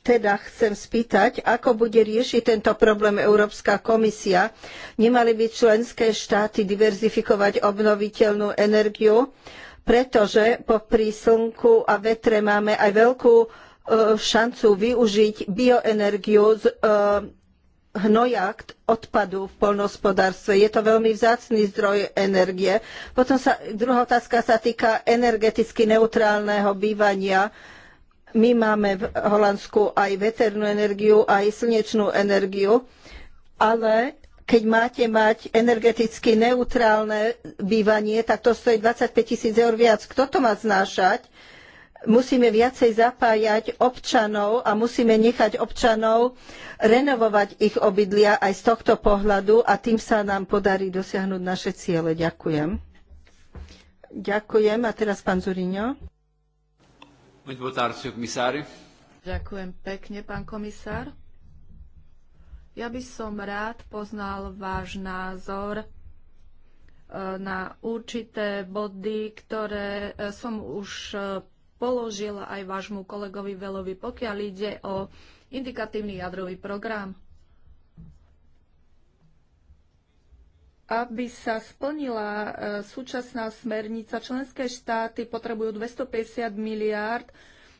teda chcem spýtať, ako bude riešiť tento problém Európska komisia. Nemali by členské štáty diverzifikovať obnoviteľnú energiu, pretože po slnku a vetre máme aj veľkú e, šancu využiť bioenergiu z e, hnoja odpadu v poľnohospodárstve. Je to veľmi vzácny zdroj energie. Potom sa, druhá otázka sa týka energeticky neutrálneho bývania. My máme v Holandsku aj veternú energiu, aj slnečnú energiu, ale keď máte mať energeticky neutrálne bývanie, tak to stojí 25 tisíc eur viac. Kto to má znášať? musíme viacej zapájať občanov a musíme nechať občanov renovovať ich obydlia aj z tohto pohľadu a tým sa nám podarí dosiahnuť naše ciele. Ďakujem. Ďakujem. A teraz pán Zuriňo. Muito boa tarde, comissário. Ďakujem pekne, pán komisár. Ja by som rád poznal váš názor e, na určité body, ktoré e, som už e, položil aj vášmu kolegovi Velovi, pokiaľ ide o indikatívny jadrový program. aby sa splnila e, súčasná smernica, členské štáty potrebujú 250 miliárd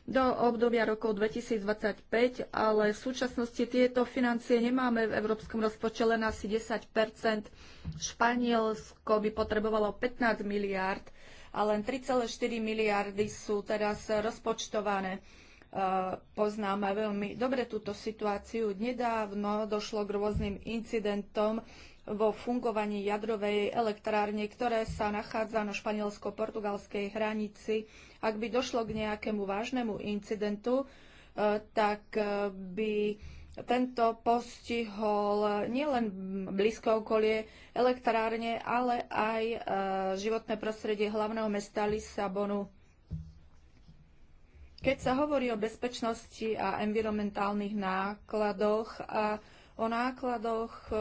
do obdobia rokov 2025, ale v súčasnosti tieto financie nemáme v európskom rozpočte len asi 10 Španielsko by potrebovalo 15 miliárd a len 3,4 miliardy sú teraz rozpočtované. E, Poznáme veľmi dobre túto situáciu. Nedávno došlo k rôznym incidentom, vo fungovaní jadrovej elektrárne, ktoré sa nachádza na španielsko-portugalskej hranici. Ak by došlo k nejakému vážnemu incidentu, e, tak e, by tento postihol nielen blízke okolie elektrárne, ale aj e, životné prostredie hlavného mesta Lisabonu. Keď sa hovorí o bezpečnosti a environmentálnych nákladoch a o nákladoch e,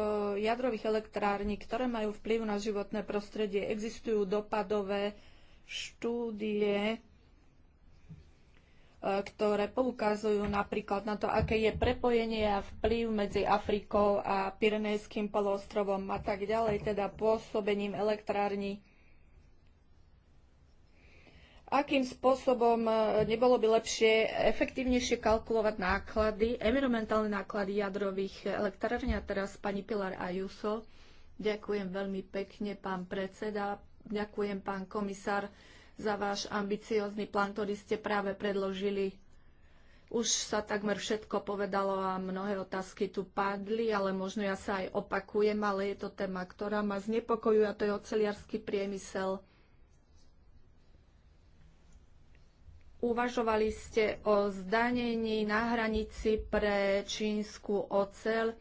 jadrových elektrární, ktoré majú vplyv na životné prostredie. Existujú dopadové štúdie, e, ktoré poukazujú napríklad na to, aké je prepojenie a vplyv medzi Afrikou a Pirenejským polostrovom a tak ďalej, teda pôsobením elektrární akým spôsobom e, nebolo by lepšie efektívnejšie kalkulovať náklady, environmentálne náklady jadrových elektrární. A teraz pani Pilar Ajuso. Ďakujem veľmi pekne, pán predseda. Ďakujem, pán komisár, za váš ambiciózny plán, ktorý ste práve predložili už sa takmer všetko povedalo a mnohé otázky tu padli, ale možno ja sa aj opakujem, ale je to téma, ktorá ma znepokojuje a to je oceliarský priemysel. Uvažovali ste o zdanení na hranici pre čínsku oceľ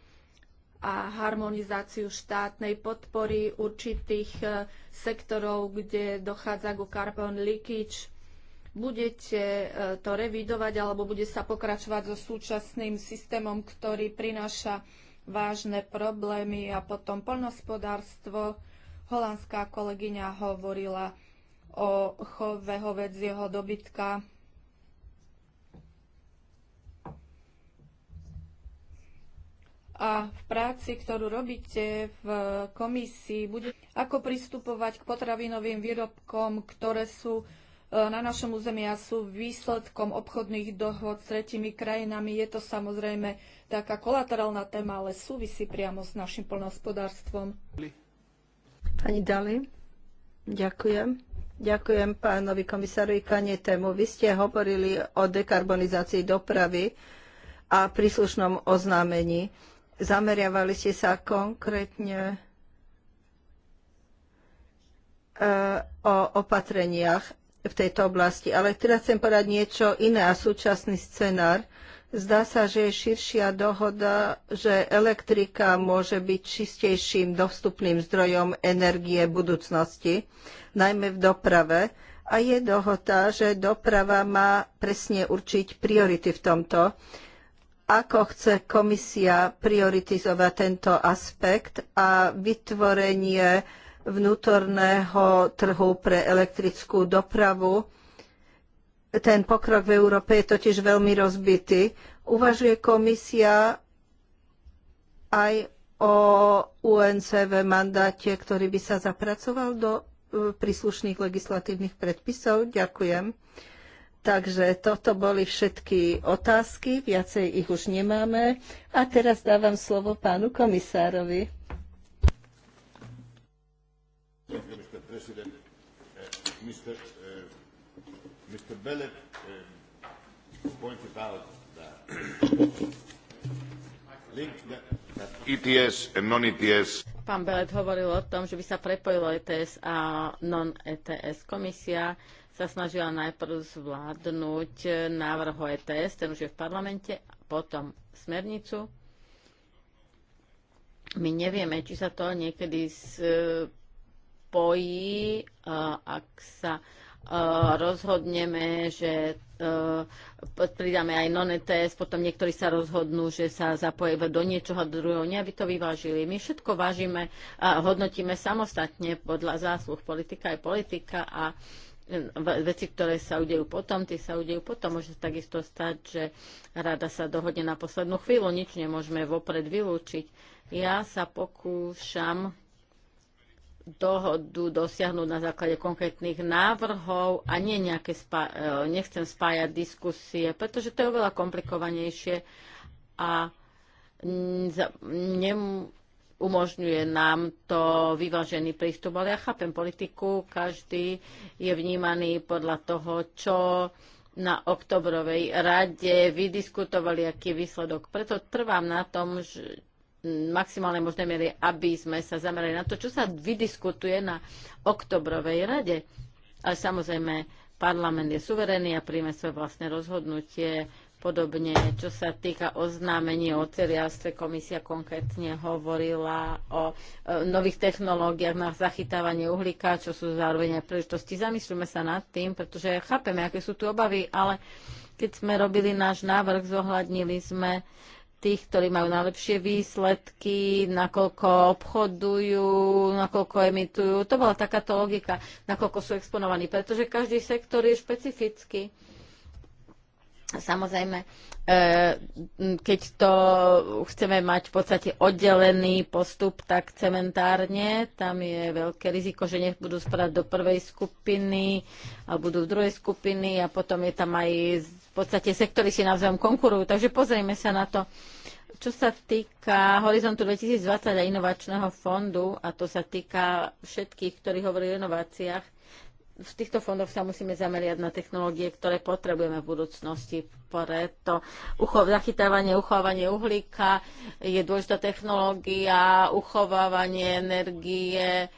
a harmonizáciu štátnej podpory určitých e, sektorov, kde dochádza ku carbon leakage. Budete e, to revidovať alebo bude sa pokračovať so súčasným systémom, ktorý prináša vážne problémy a potom poľnospodárstvo. Holandská kolegyňa hovorila o chove hovedzieho dobytka. A v práci, ktorú robíte v komisii, bude ako pristupovať k potravinovým výrobkom, ktoré sú e, na našom území a sú výsledkom obchodných dohod s tretimi krajinami. Je to samozrejme taká kolaterálna téma, ale súvisí priamo s našim plnohospodárstvom. Pani Dali, ďakujem. Ďakujem pánovi komisárovi Kanetemu. Vy ste hovorili o dekarbonizácii dopravy a príslušnom oznámení. Zameriavali ste sa konkrétne e, o opatreniach v tejto oblasti. Ale teraz chcem povedať niečo iné a súčasný scenár. Zdá sa, že je širšia dohoda, že elektrika môže byť čistejším dostupným zdrojom energie budúcnosti, najmä v doprave. A je dohoda, že doprava má presne určiť priority v tomto. Ako chce komisia prioritizovať tento aspekt a vytvorenie vnútorného trhu pre elektrickú dopravu, ten pokrok v Európe je totiž veľmi rozbitý. Uvažuje komisia aj o UNCV mandáte, ktorý by sa zapracoval do e, príslušných legislatívnych predpisov. Ďakujem. Takže toto boli všetky otázky, viacej ich už nemáme. A teraz dávam slovo pánu komisárovi. Mr. Mr. Um, e Bellet pointed out ETS and non-ETS Pán Belet hovoril o tom, že by sa prepojilo ETS a non-ETS. Komisia sa snažila najprv zvládnuť návrh o ETS, ten už je v parlamente, a potom smernicu. My nevieme, či sa to niekedy spojí, ak sa Eh, rozhodneme, že eh, pridáme aj non-ETS, potom niektorí sa rozhodnú, že sa zapojú do niečoho druhého, nie aby to vyvážili. My všetko vážime a hodnotíme samostatne podľa zásluh politika aj politika a eh, veci, ktoré sa udejú potom, tie sa udejú potom. Môže sa takisto stať, že rada sa dohodne na poslednú chvíľu, nič nemôžeme vopred vylúčiť. Ja sa pokúšam dohodu dosiahnuť na základe konkrétnych návrhov a nie nejaké spá- e, nechcem spájať diskusie, pretože to je oveľa komplikovanejšie a neumožňuje umožňuje nám to vyvážený prístup. Ale ja chápem politiku, každý je vnímaný podľa toho, čo na oktobrovej rade vydiskutovali, aký je výsledok. Preto trvám na tom, maximálnej možnej miery, aby sme sa zamerali na to, čo sa vydiskutuje na oktobrovej rade. Ale samozrejme, parlament je suverénny a príjme svoje vlastné rozhodnutie. Podobne, čo sa týka oznámení o celiarstve, komisia konkrétne hovorila o e, nových technológiách na zachytávanie uhlíka, čo sú zároveň aj príležitosti. Zamyslíme sa nad tým, pretože chápeme, aké sú tu obavy, ale keď sme robili náš návrh, zohľadnili sme tých, ktorí majú najlepšie výsledky, nakoľko obchodujú, nakoľko emitujú. To bola takáto logika, nakoľko sú exponovaní, pretože každý sektor je špecifický. Samozrejme, eh, keď to chceme mať v podstate oddelený postup, tak cementárne, tam je veľké riziko, že nech budú spadať do prvej skupiny a budú v druhej skupiny a potom je tam aj v podstate sektory si navzájom konkurujú. Takže pozrieme sa na to čo sa týka Horizontu 2020 a inovačného fondu, a to sa týka všetkých, ktorí hovorí o inováciách, v týchto fondoch sa musíme zameriať na technológie, ktoré potrebujeme v budúcnosti. Preto zachytávanie, uchovávanie uhlíka je dôležitá technológia, uchovávanie energie, e,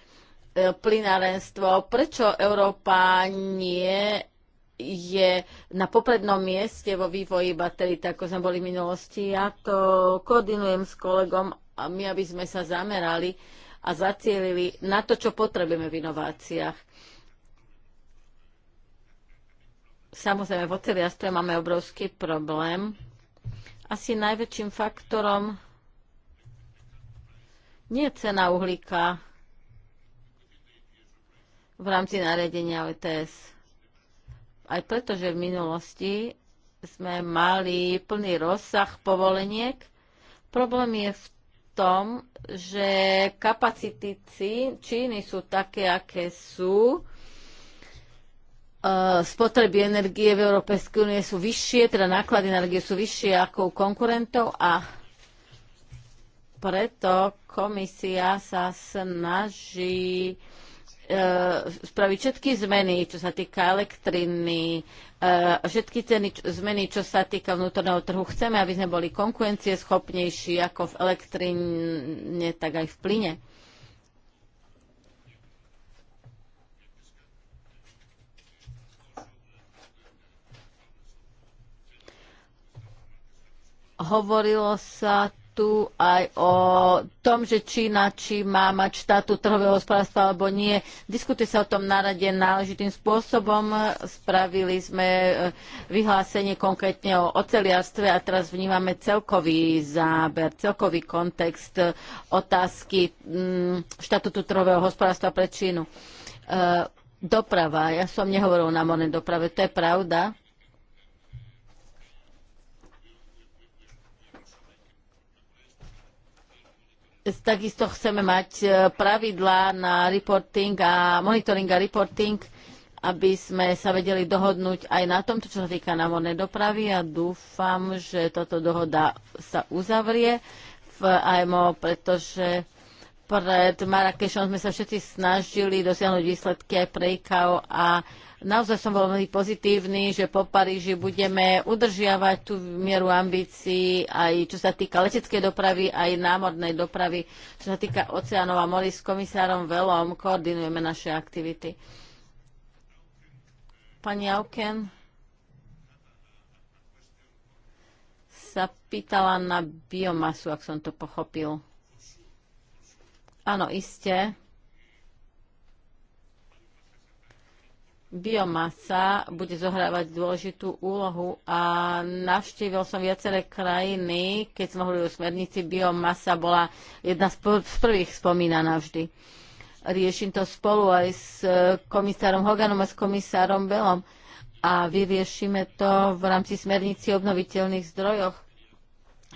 plynárenstvo. Prečo Európa nie je na poprednom mieste vo vývoji batérií, tak ako sme boli v minulosti. Ja to koordinujem s kolegom a my, aby sme sa zamerali a zacielili na to, čo potrebujeme v inováciách. Samozrejme, v oceliarstve máme obrovský problém. Asi najväčším faktorom nie je cena uhlíka v rámci nariadenia OTS aj preto, že v minulosti sme mali plný rozsah povoleniek. Problém je v tom, že kapacity Číny sú také, aké sú. E, spotreby energie v Európskej únie sú vyššie, teda náklady energie sú vyššie ako u konkurentov a preto komisia sa snaží E, spraviť všetky zmeny, čo sa týka elektriny, e, všetky ceny, zmeny, čo sa týka vnútorného trhu. Chceme, aby sme boli konkurencieschopnejší ako v elektrine, tak aj v plyne. Hovorilo sa tu aj o tom, že Čína, či má mať štátu trhového hospodárstva alebo nie. Diskutuje sa o tom na rade náležitým spôsobom. Spravili sme eh, vyhlásenie konkrétne o oceliarstve a teraz vnímame celkový záber, celkový kontext eh, otázky mm, štatútu trhového hospodárstva pre Čínu. Eh, doprava. Ja som nehovoril na mornej doprave, to je pravda Takisto chceme mať e, pravidlá na reporting a monitoring a reporting, aby sme sa vedeli dohodnúť aj na tomto, čo sa týka námornej dopravy a dúfam, že táto dohoda sa uzavrie v IMO, pretože pred Marrakešom sme sa všetci snažili dosiahnuť výsledky aj pre ICAO a Naozaj som veľmi pozitívny, že po Paríži budeme udržiavať tú mieru ambícií aj čo sa týka leteckej dopravy, aj námornej dopravy. Čo sa týka oceánov a morí s komisárom Velom koordinujeme naše aktivity. Pani Auken sa pýtala na biomasu, ak som to pochopil. Áno, iste biomasa bude zohrávať dôležitú úlohu a navštívil som viaceré krajiny, keď sme hovorili o smernici, biomasa bola jedna z, pr- z prvých spomínaná vždy. Riešim to spolu aj s e, komisárom Hoganom a s komisárom Belom a vyriešime to v rámci smernici obnoviteľných zdrojoch.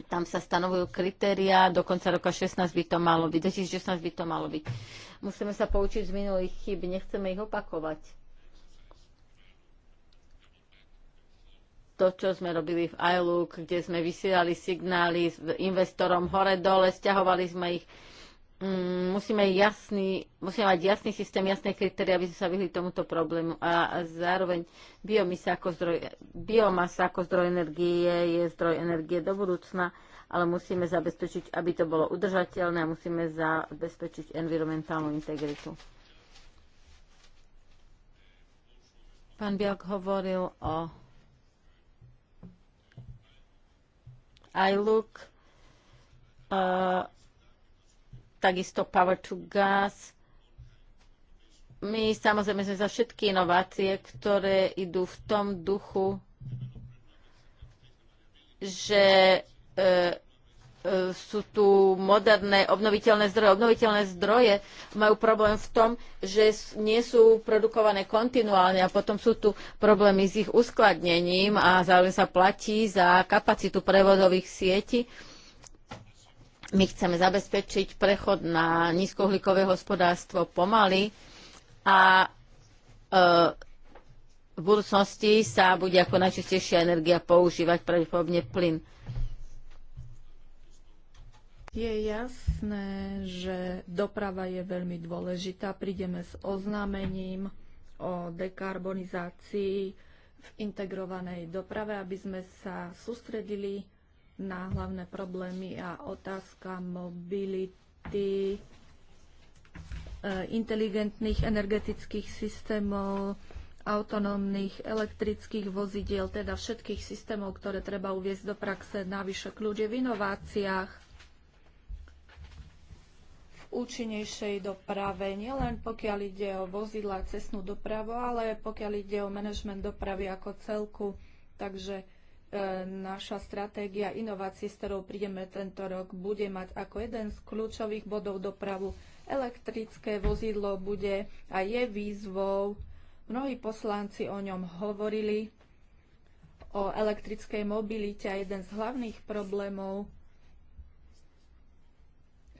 Tam sa stanovujú kritéria, do konca roka 16 by to malo byť, 2016 by to malo byť. Musíme sa poučiť z minulých chyb, nechceme ich opakovať to, čo sme robili v iLook, kde sme vysielali signály s investorom hore-dole, stiahovali sme ich. Mm, musíme, jasný, musíme mať jasný systém, jasné kritéria, aby sme sa vyhli tomuto problému. A, a zároveň biomasa ako, zdroj, biomasa ako zdroj energie je, zdroj energie do budúcna, ale musíme zabezpečiť, aby to bolo udržateľné a musíme zabezpečiť environmentálnu integritu. Pán Bielk hovoril o iLook, uh, takisto Power to Gas. My samozrejme sme za všetky inovácie, ktoré idú v tom duchu, že e, E, sú tu moderné obnoviteľné zdroje. Obnoviteľné zdroje majú problém v tom, že nie sú produkované kontinuálne a potom sú tu problémy s ich uskladnením a zároveň sa platí za kapacitu prevodových sietí. My chceme zabezpečiť prechod na nízkouhlíkové hospodárstvo pomaly a e, v budúcnosti sa bude ako najčistejšia energia používať pravdepodobne plyn. Je jasné, že doprava je veľmi dôležitá. Prídeme s oznámením o dekarbonizácii v integrovanej doprave, aby sme sa sústredili na hlavné problémy a otázka mobility, e, inteligentných energetických systémov, autonómnych elektrických vozidiel, teda všetkých systémov, ktoré treba uviezť do praxe. Navyše kľúč je v inováciách účinnejšej doprave, nielen pokiaľ ide o vozidla a cestnú dopravu, ale pokiaľ ide o manažment dopravy ako celku. Takže e, naša stratégia inovácií, s ktorou prídeme tento rok, bude mať ako jeden z kľúčových bodov dopravu. Elektrické vozidlo bude a je výzvou. Mnohí poslanci o ňom hovorili, o elektrickej mobilite a jeden z hlavných problémov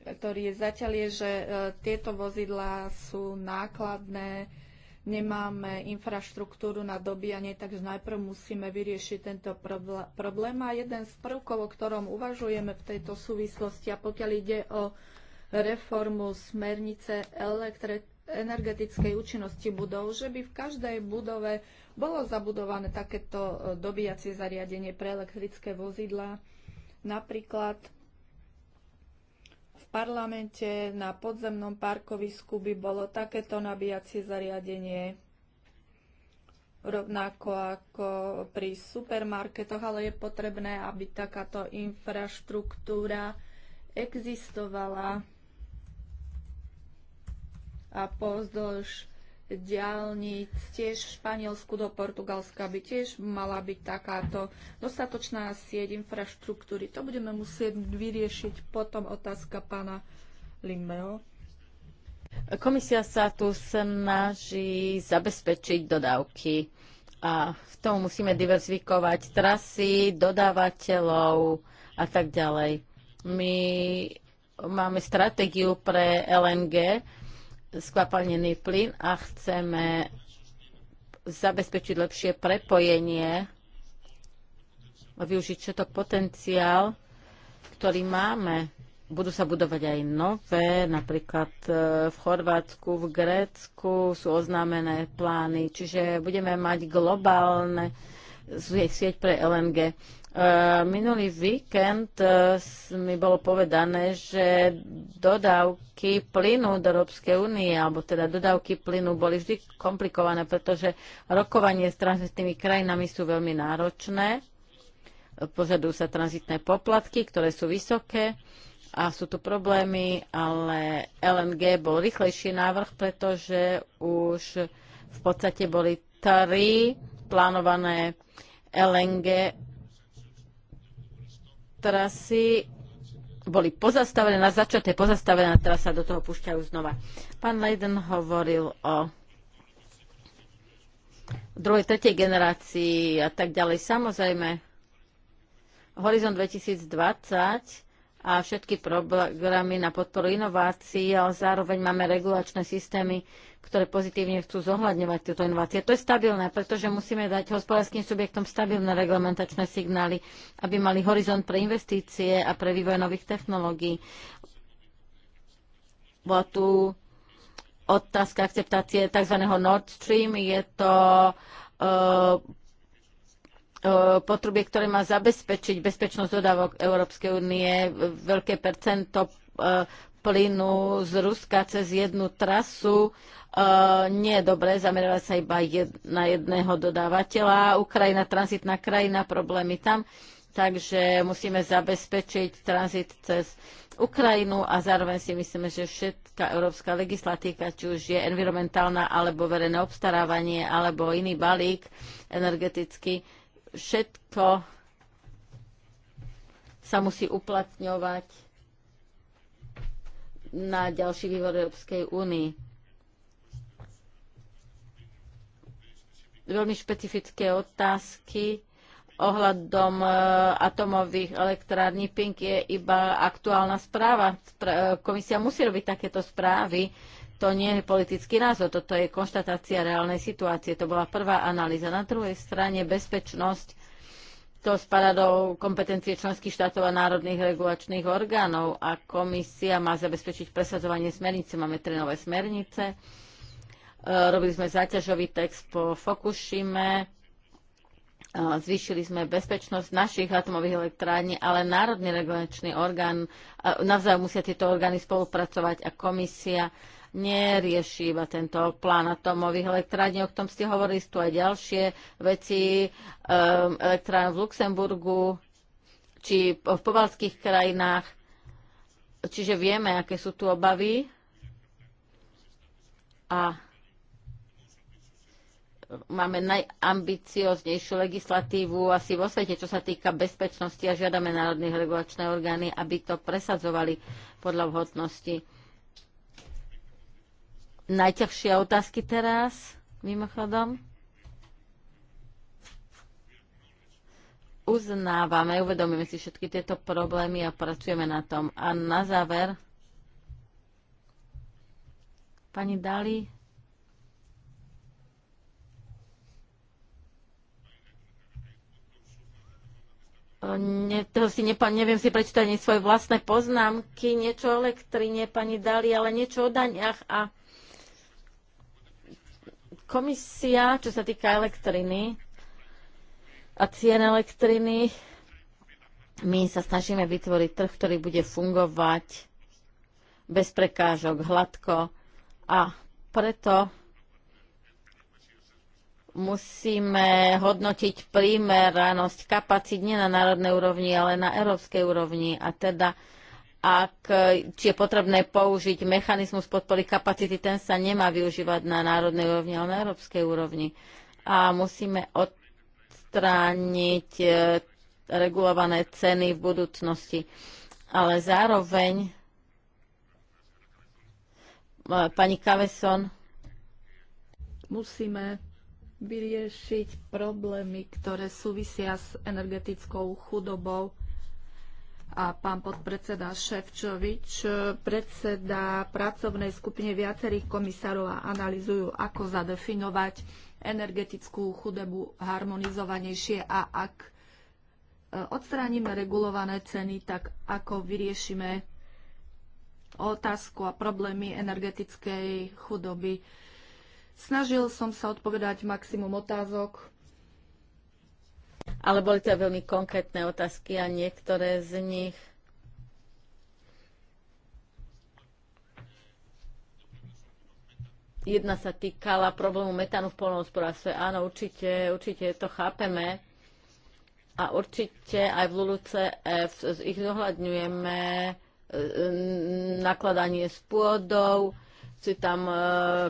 ktorý je zatiaľ je, že e, tieto vozidlá sú nákladné, nemáme infraštruktúru na dobíjanie, takže najprv musíme vyriešiť tento problém. A jeden z prvkov, o ktorom uvažujeme v tejto súvislosti, a pokiaľ ide o reformu smernice elektre, energetickej účinnosti budov, že by v každej budove bolo zabudované takéto e, dobíjacie zariadenie pre elektrické vozidla. Napríklad parlamente na podzemnom parkovisku by bolo takéto nabíjacie zariadenie rovnako ako pri supermarketoch, ale je potrebné, aby takáto infraštruktúra existovala a pozdĺž diálnic tiež v Španielsku do Portugalska by tiež mala byť takáto dostatočná sieť infraštruktúry. To budeme musieť vyriešiť potom otázka pána Limeo. Komisia sa tu snaží zabezpečiť dodávky a v tom musíme diverzifikovať trasy, dodávateľov a tak ďalej. My máme stratégiu pre LNG, skvapalnený plyn a chceme zabezpečiť lepšie prepojenie a využiť všetok potenciál, ktorý máme. Budú sa budovať aj nové, napríklad e, v Chorvátsku, v Grécku sú oznámené plány, čiže budeme mať globálne sieť pre LNG. E, minulý víkend e, mi bolo povedané, že dodávky plynu do Európskej únie, alebo teda dodávky plynu boli vždy komplikované, pretože rokovanie s tranzitnými krajinami sú veľmi náročné. Požadujú sa tranzitné poplatky, ktoré sú vysoké a sú tu problémy, ale LNG bol rýchlejší návrh, pretože už v podstate boli tri plánované LNG trasy boli pozastavené, na začaté pozastavené a teraz sa do toho púšťajú znova. Pán Leiden hovoril o druhej, tretej generácii a tak ďalej. Samozrejme, Horizon 2020 a všetky programy na podporu inovácií, ale zároveň máme regulačné systémy, ktoré pozitívne chcú zohľadňovať túto inovácie. To je stabilné, pretože musíme dať hospodárským subjektom stabilné reglementačné signály, aby mali horizont pre investície a pre vývoj nových technológií. Bola tu otázka akceptácie tzv. Nord Stream. Je to uh, potrubie, ktoré má zabezpečiť bezpečnosť dodávok Európskej únie, veľké percento e, plynu z Ruska cez jednu trasu Uh, nie je dobré zamerovať sa iba jed, na jedného dodávateľa. Ukrajina, tranzitná krajina, problémy tam. Takže musíme zabezpečiť tranzit cez Ukrajinu a zároveň si myslíme, že všetká európska legislatíka, či už je environmentálna alebo verejné obstarávanie alebo iný balík energetický, všetko sa musí uplatňovať na ďalší vývoj Európskej únii veľmi špecifické otázky ohľadom e, atomových elektrární. Pink je iba aktuálna správa. E, komisia musí robiť takéto správy. To nie je politický názor, toto je konštatácia reálnej situácie. To bola prvá analýza. Na druhej strane bezpečnosť to spadá do kompetencie členských štátov a národných regulačných orgánov a komisia má zabezpečiť presadzovanie smernice. Máme tri nové smernice Eh, robili sme záťažový text po Fukushime, eh, zvýšili sme bezpečnosť našich atomových elektrární, ale Národný regulačný orgán, navzájom musia tieto orgány spolupracovať a komisia nerieši iba tento plán atomových elektrární, o tom ste hovorili, sú tu aj ďalšie veci, um, elektrárne v Luxemburgu či v pobalských krajinách. Čiže vieme, aké sú tu obavy. A máme najambicioznejšiu legislatívu asi vo svete, čo sa týka bezpečnosti a žiadame národné regulačné orgány, aby to presadzovali podľa vhodnosti. Najťažšie otázky teraz, mimochodom. Uznávame, uvedomíme si všetky tieto problémy a pracujeme na tom. A na záver, pani Dali, Ne, to si nepa, neviem si prečítať ani svoje vlastné poznámky, niečo o elektrine pani Dali, ale niečo o daniach a komisia, čo sa týka elektriny a cien elektriny, my sa snažíme vytvoriť trh, ktorý bude fungovať bez prekážok, hladko a preto musíme hodnotiť primeranosť kapacít nie na národnej úrovni, ale na európskej úrovni. A teda, ak, či je potrebné použiť mechanizmus podpory kapacity, ten sa nemá využívať na národnej úrovni, ale na európskej úrovni. A musíme odstrániť e, regulované ceny v budúcnosti. Ale zároveň, e, pani Kaveson, musíme vyriešiť problémy, ktoré súvisia s energetickou chudobou. A pán podpredseda Ševčovič, predseda pracovnej skupine viacerých komisárov a analizujú, ako zadefinovať energetickú chudobu harmonizovanejšie a ak e, odstránime regulované ceny, tak ako vyriešime otázku a problémy energetickej chudoby. Snažil som sa odpovedať maximum otázok. Ale boli to veľmi konkrétne otázky a niektoré z nich Jedna sa týkala problému metánu v polnohospodárstve. Áno, určite, určite to chápeme a určite aj v LULUCF ich zohľadňujeme e, e, nakladanie s pôdou, sú tam e,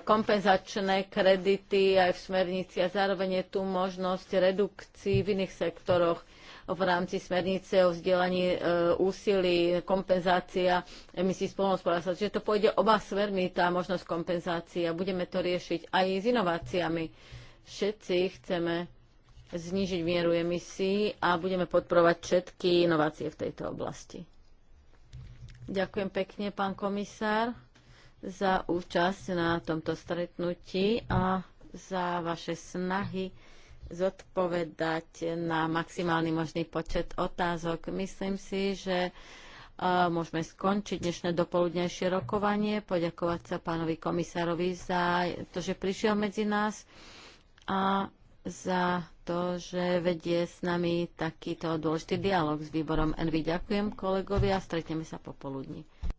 kompenzačné kredity aj v smernici a zároveň je tu možnosť redukcií v iných sektoroch v rámci smernice o vzdelaní e, úsilí, kompenzácia emisí spolnohospodárstva. Čiže to pôjde oba smermi, tá možnosť kompenzácie a budeme to riešiť aj s inováciami. Všetci chceme znižiť mieru emisí a budeme podporovať všetky inovácie v tejto oblasti. Ďakujem pekne, pán komisár za účasť na tomto stretnutí a za vaše snahy zodpovedať na maximálny možný počet otázok. Myslím si, že môžeme skončiť dnešné dopoludnejšie rokovanie, poďakovať sa pánovi komisárovi za to, že prišiel medzi nás a za to, že vedie s nami takýto dôležitý dialog s výborom Envy. Ďakujem kolegovi a stretneme sa popoludní.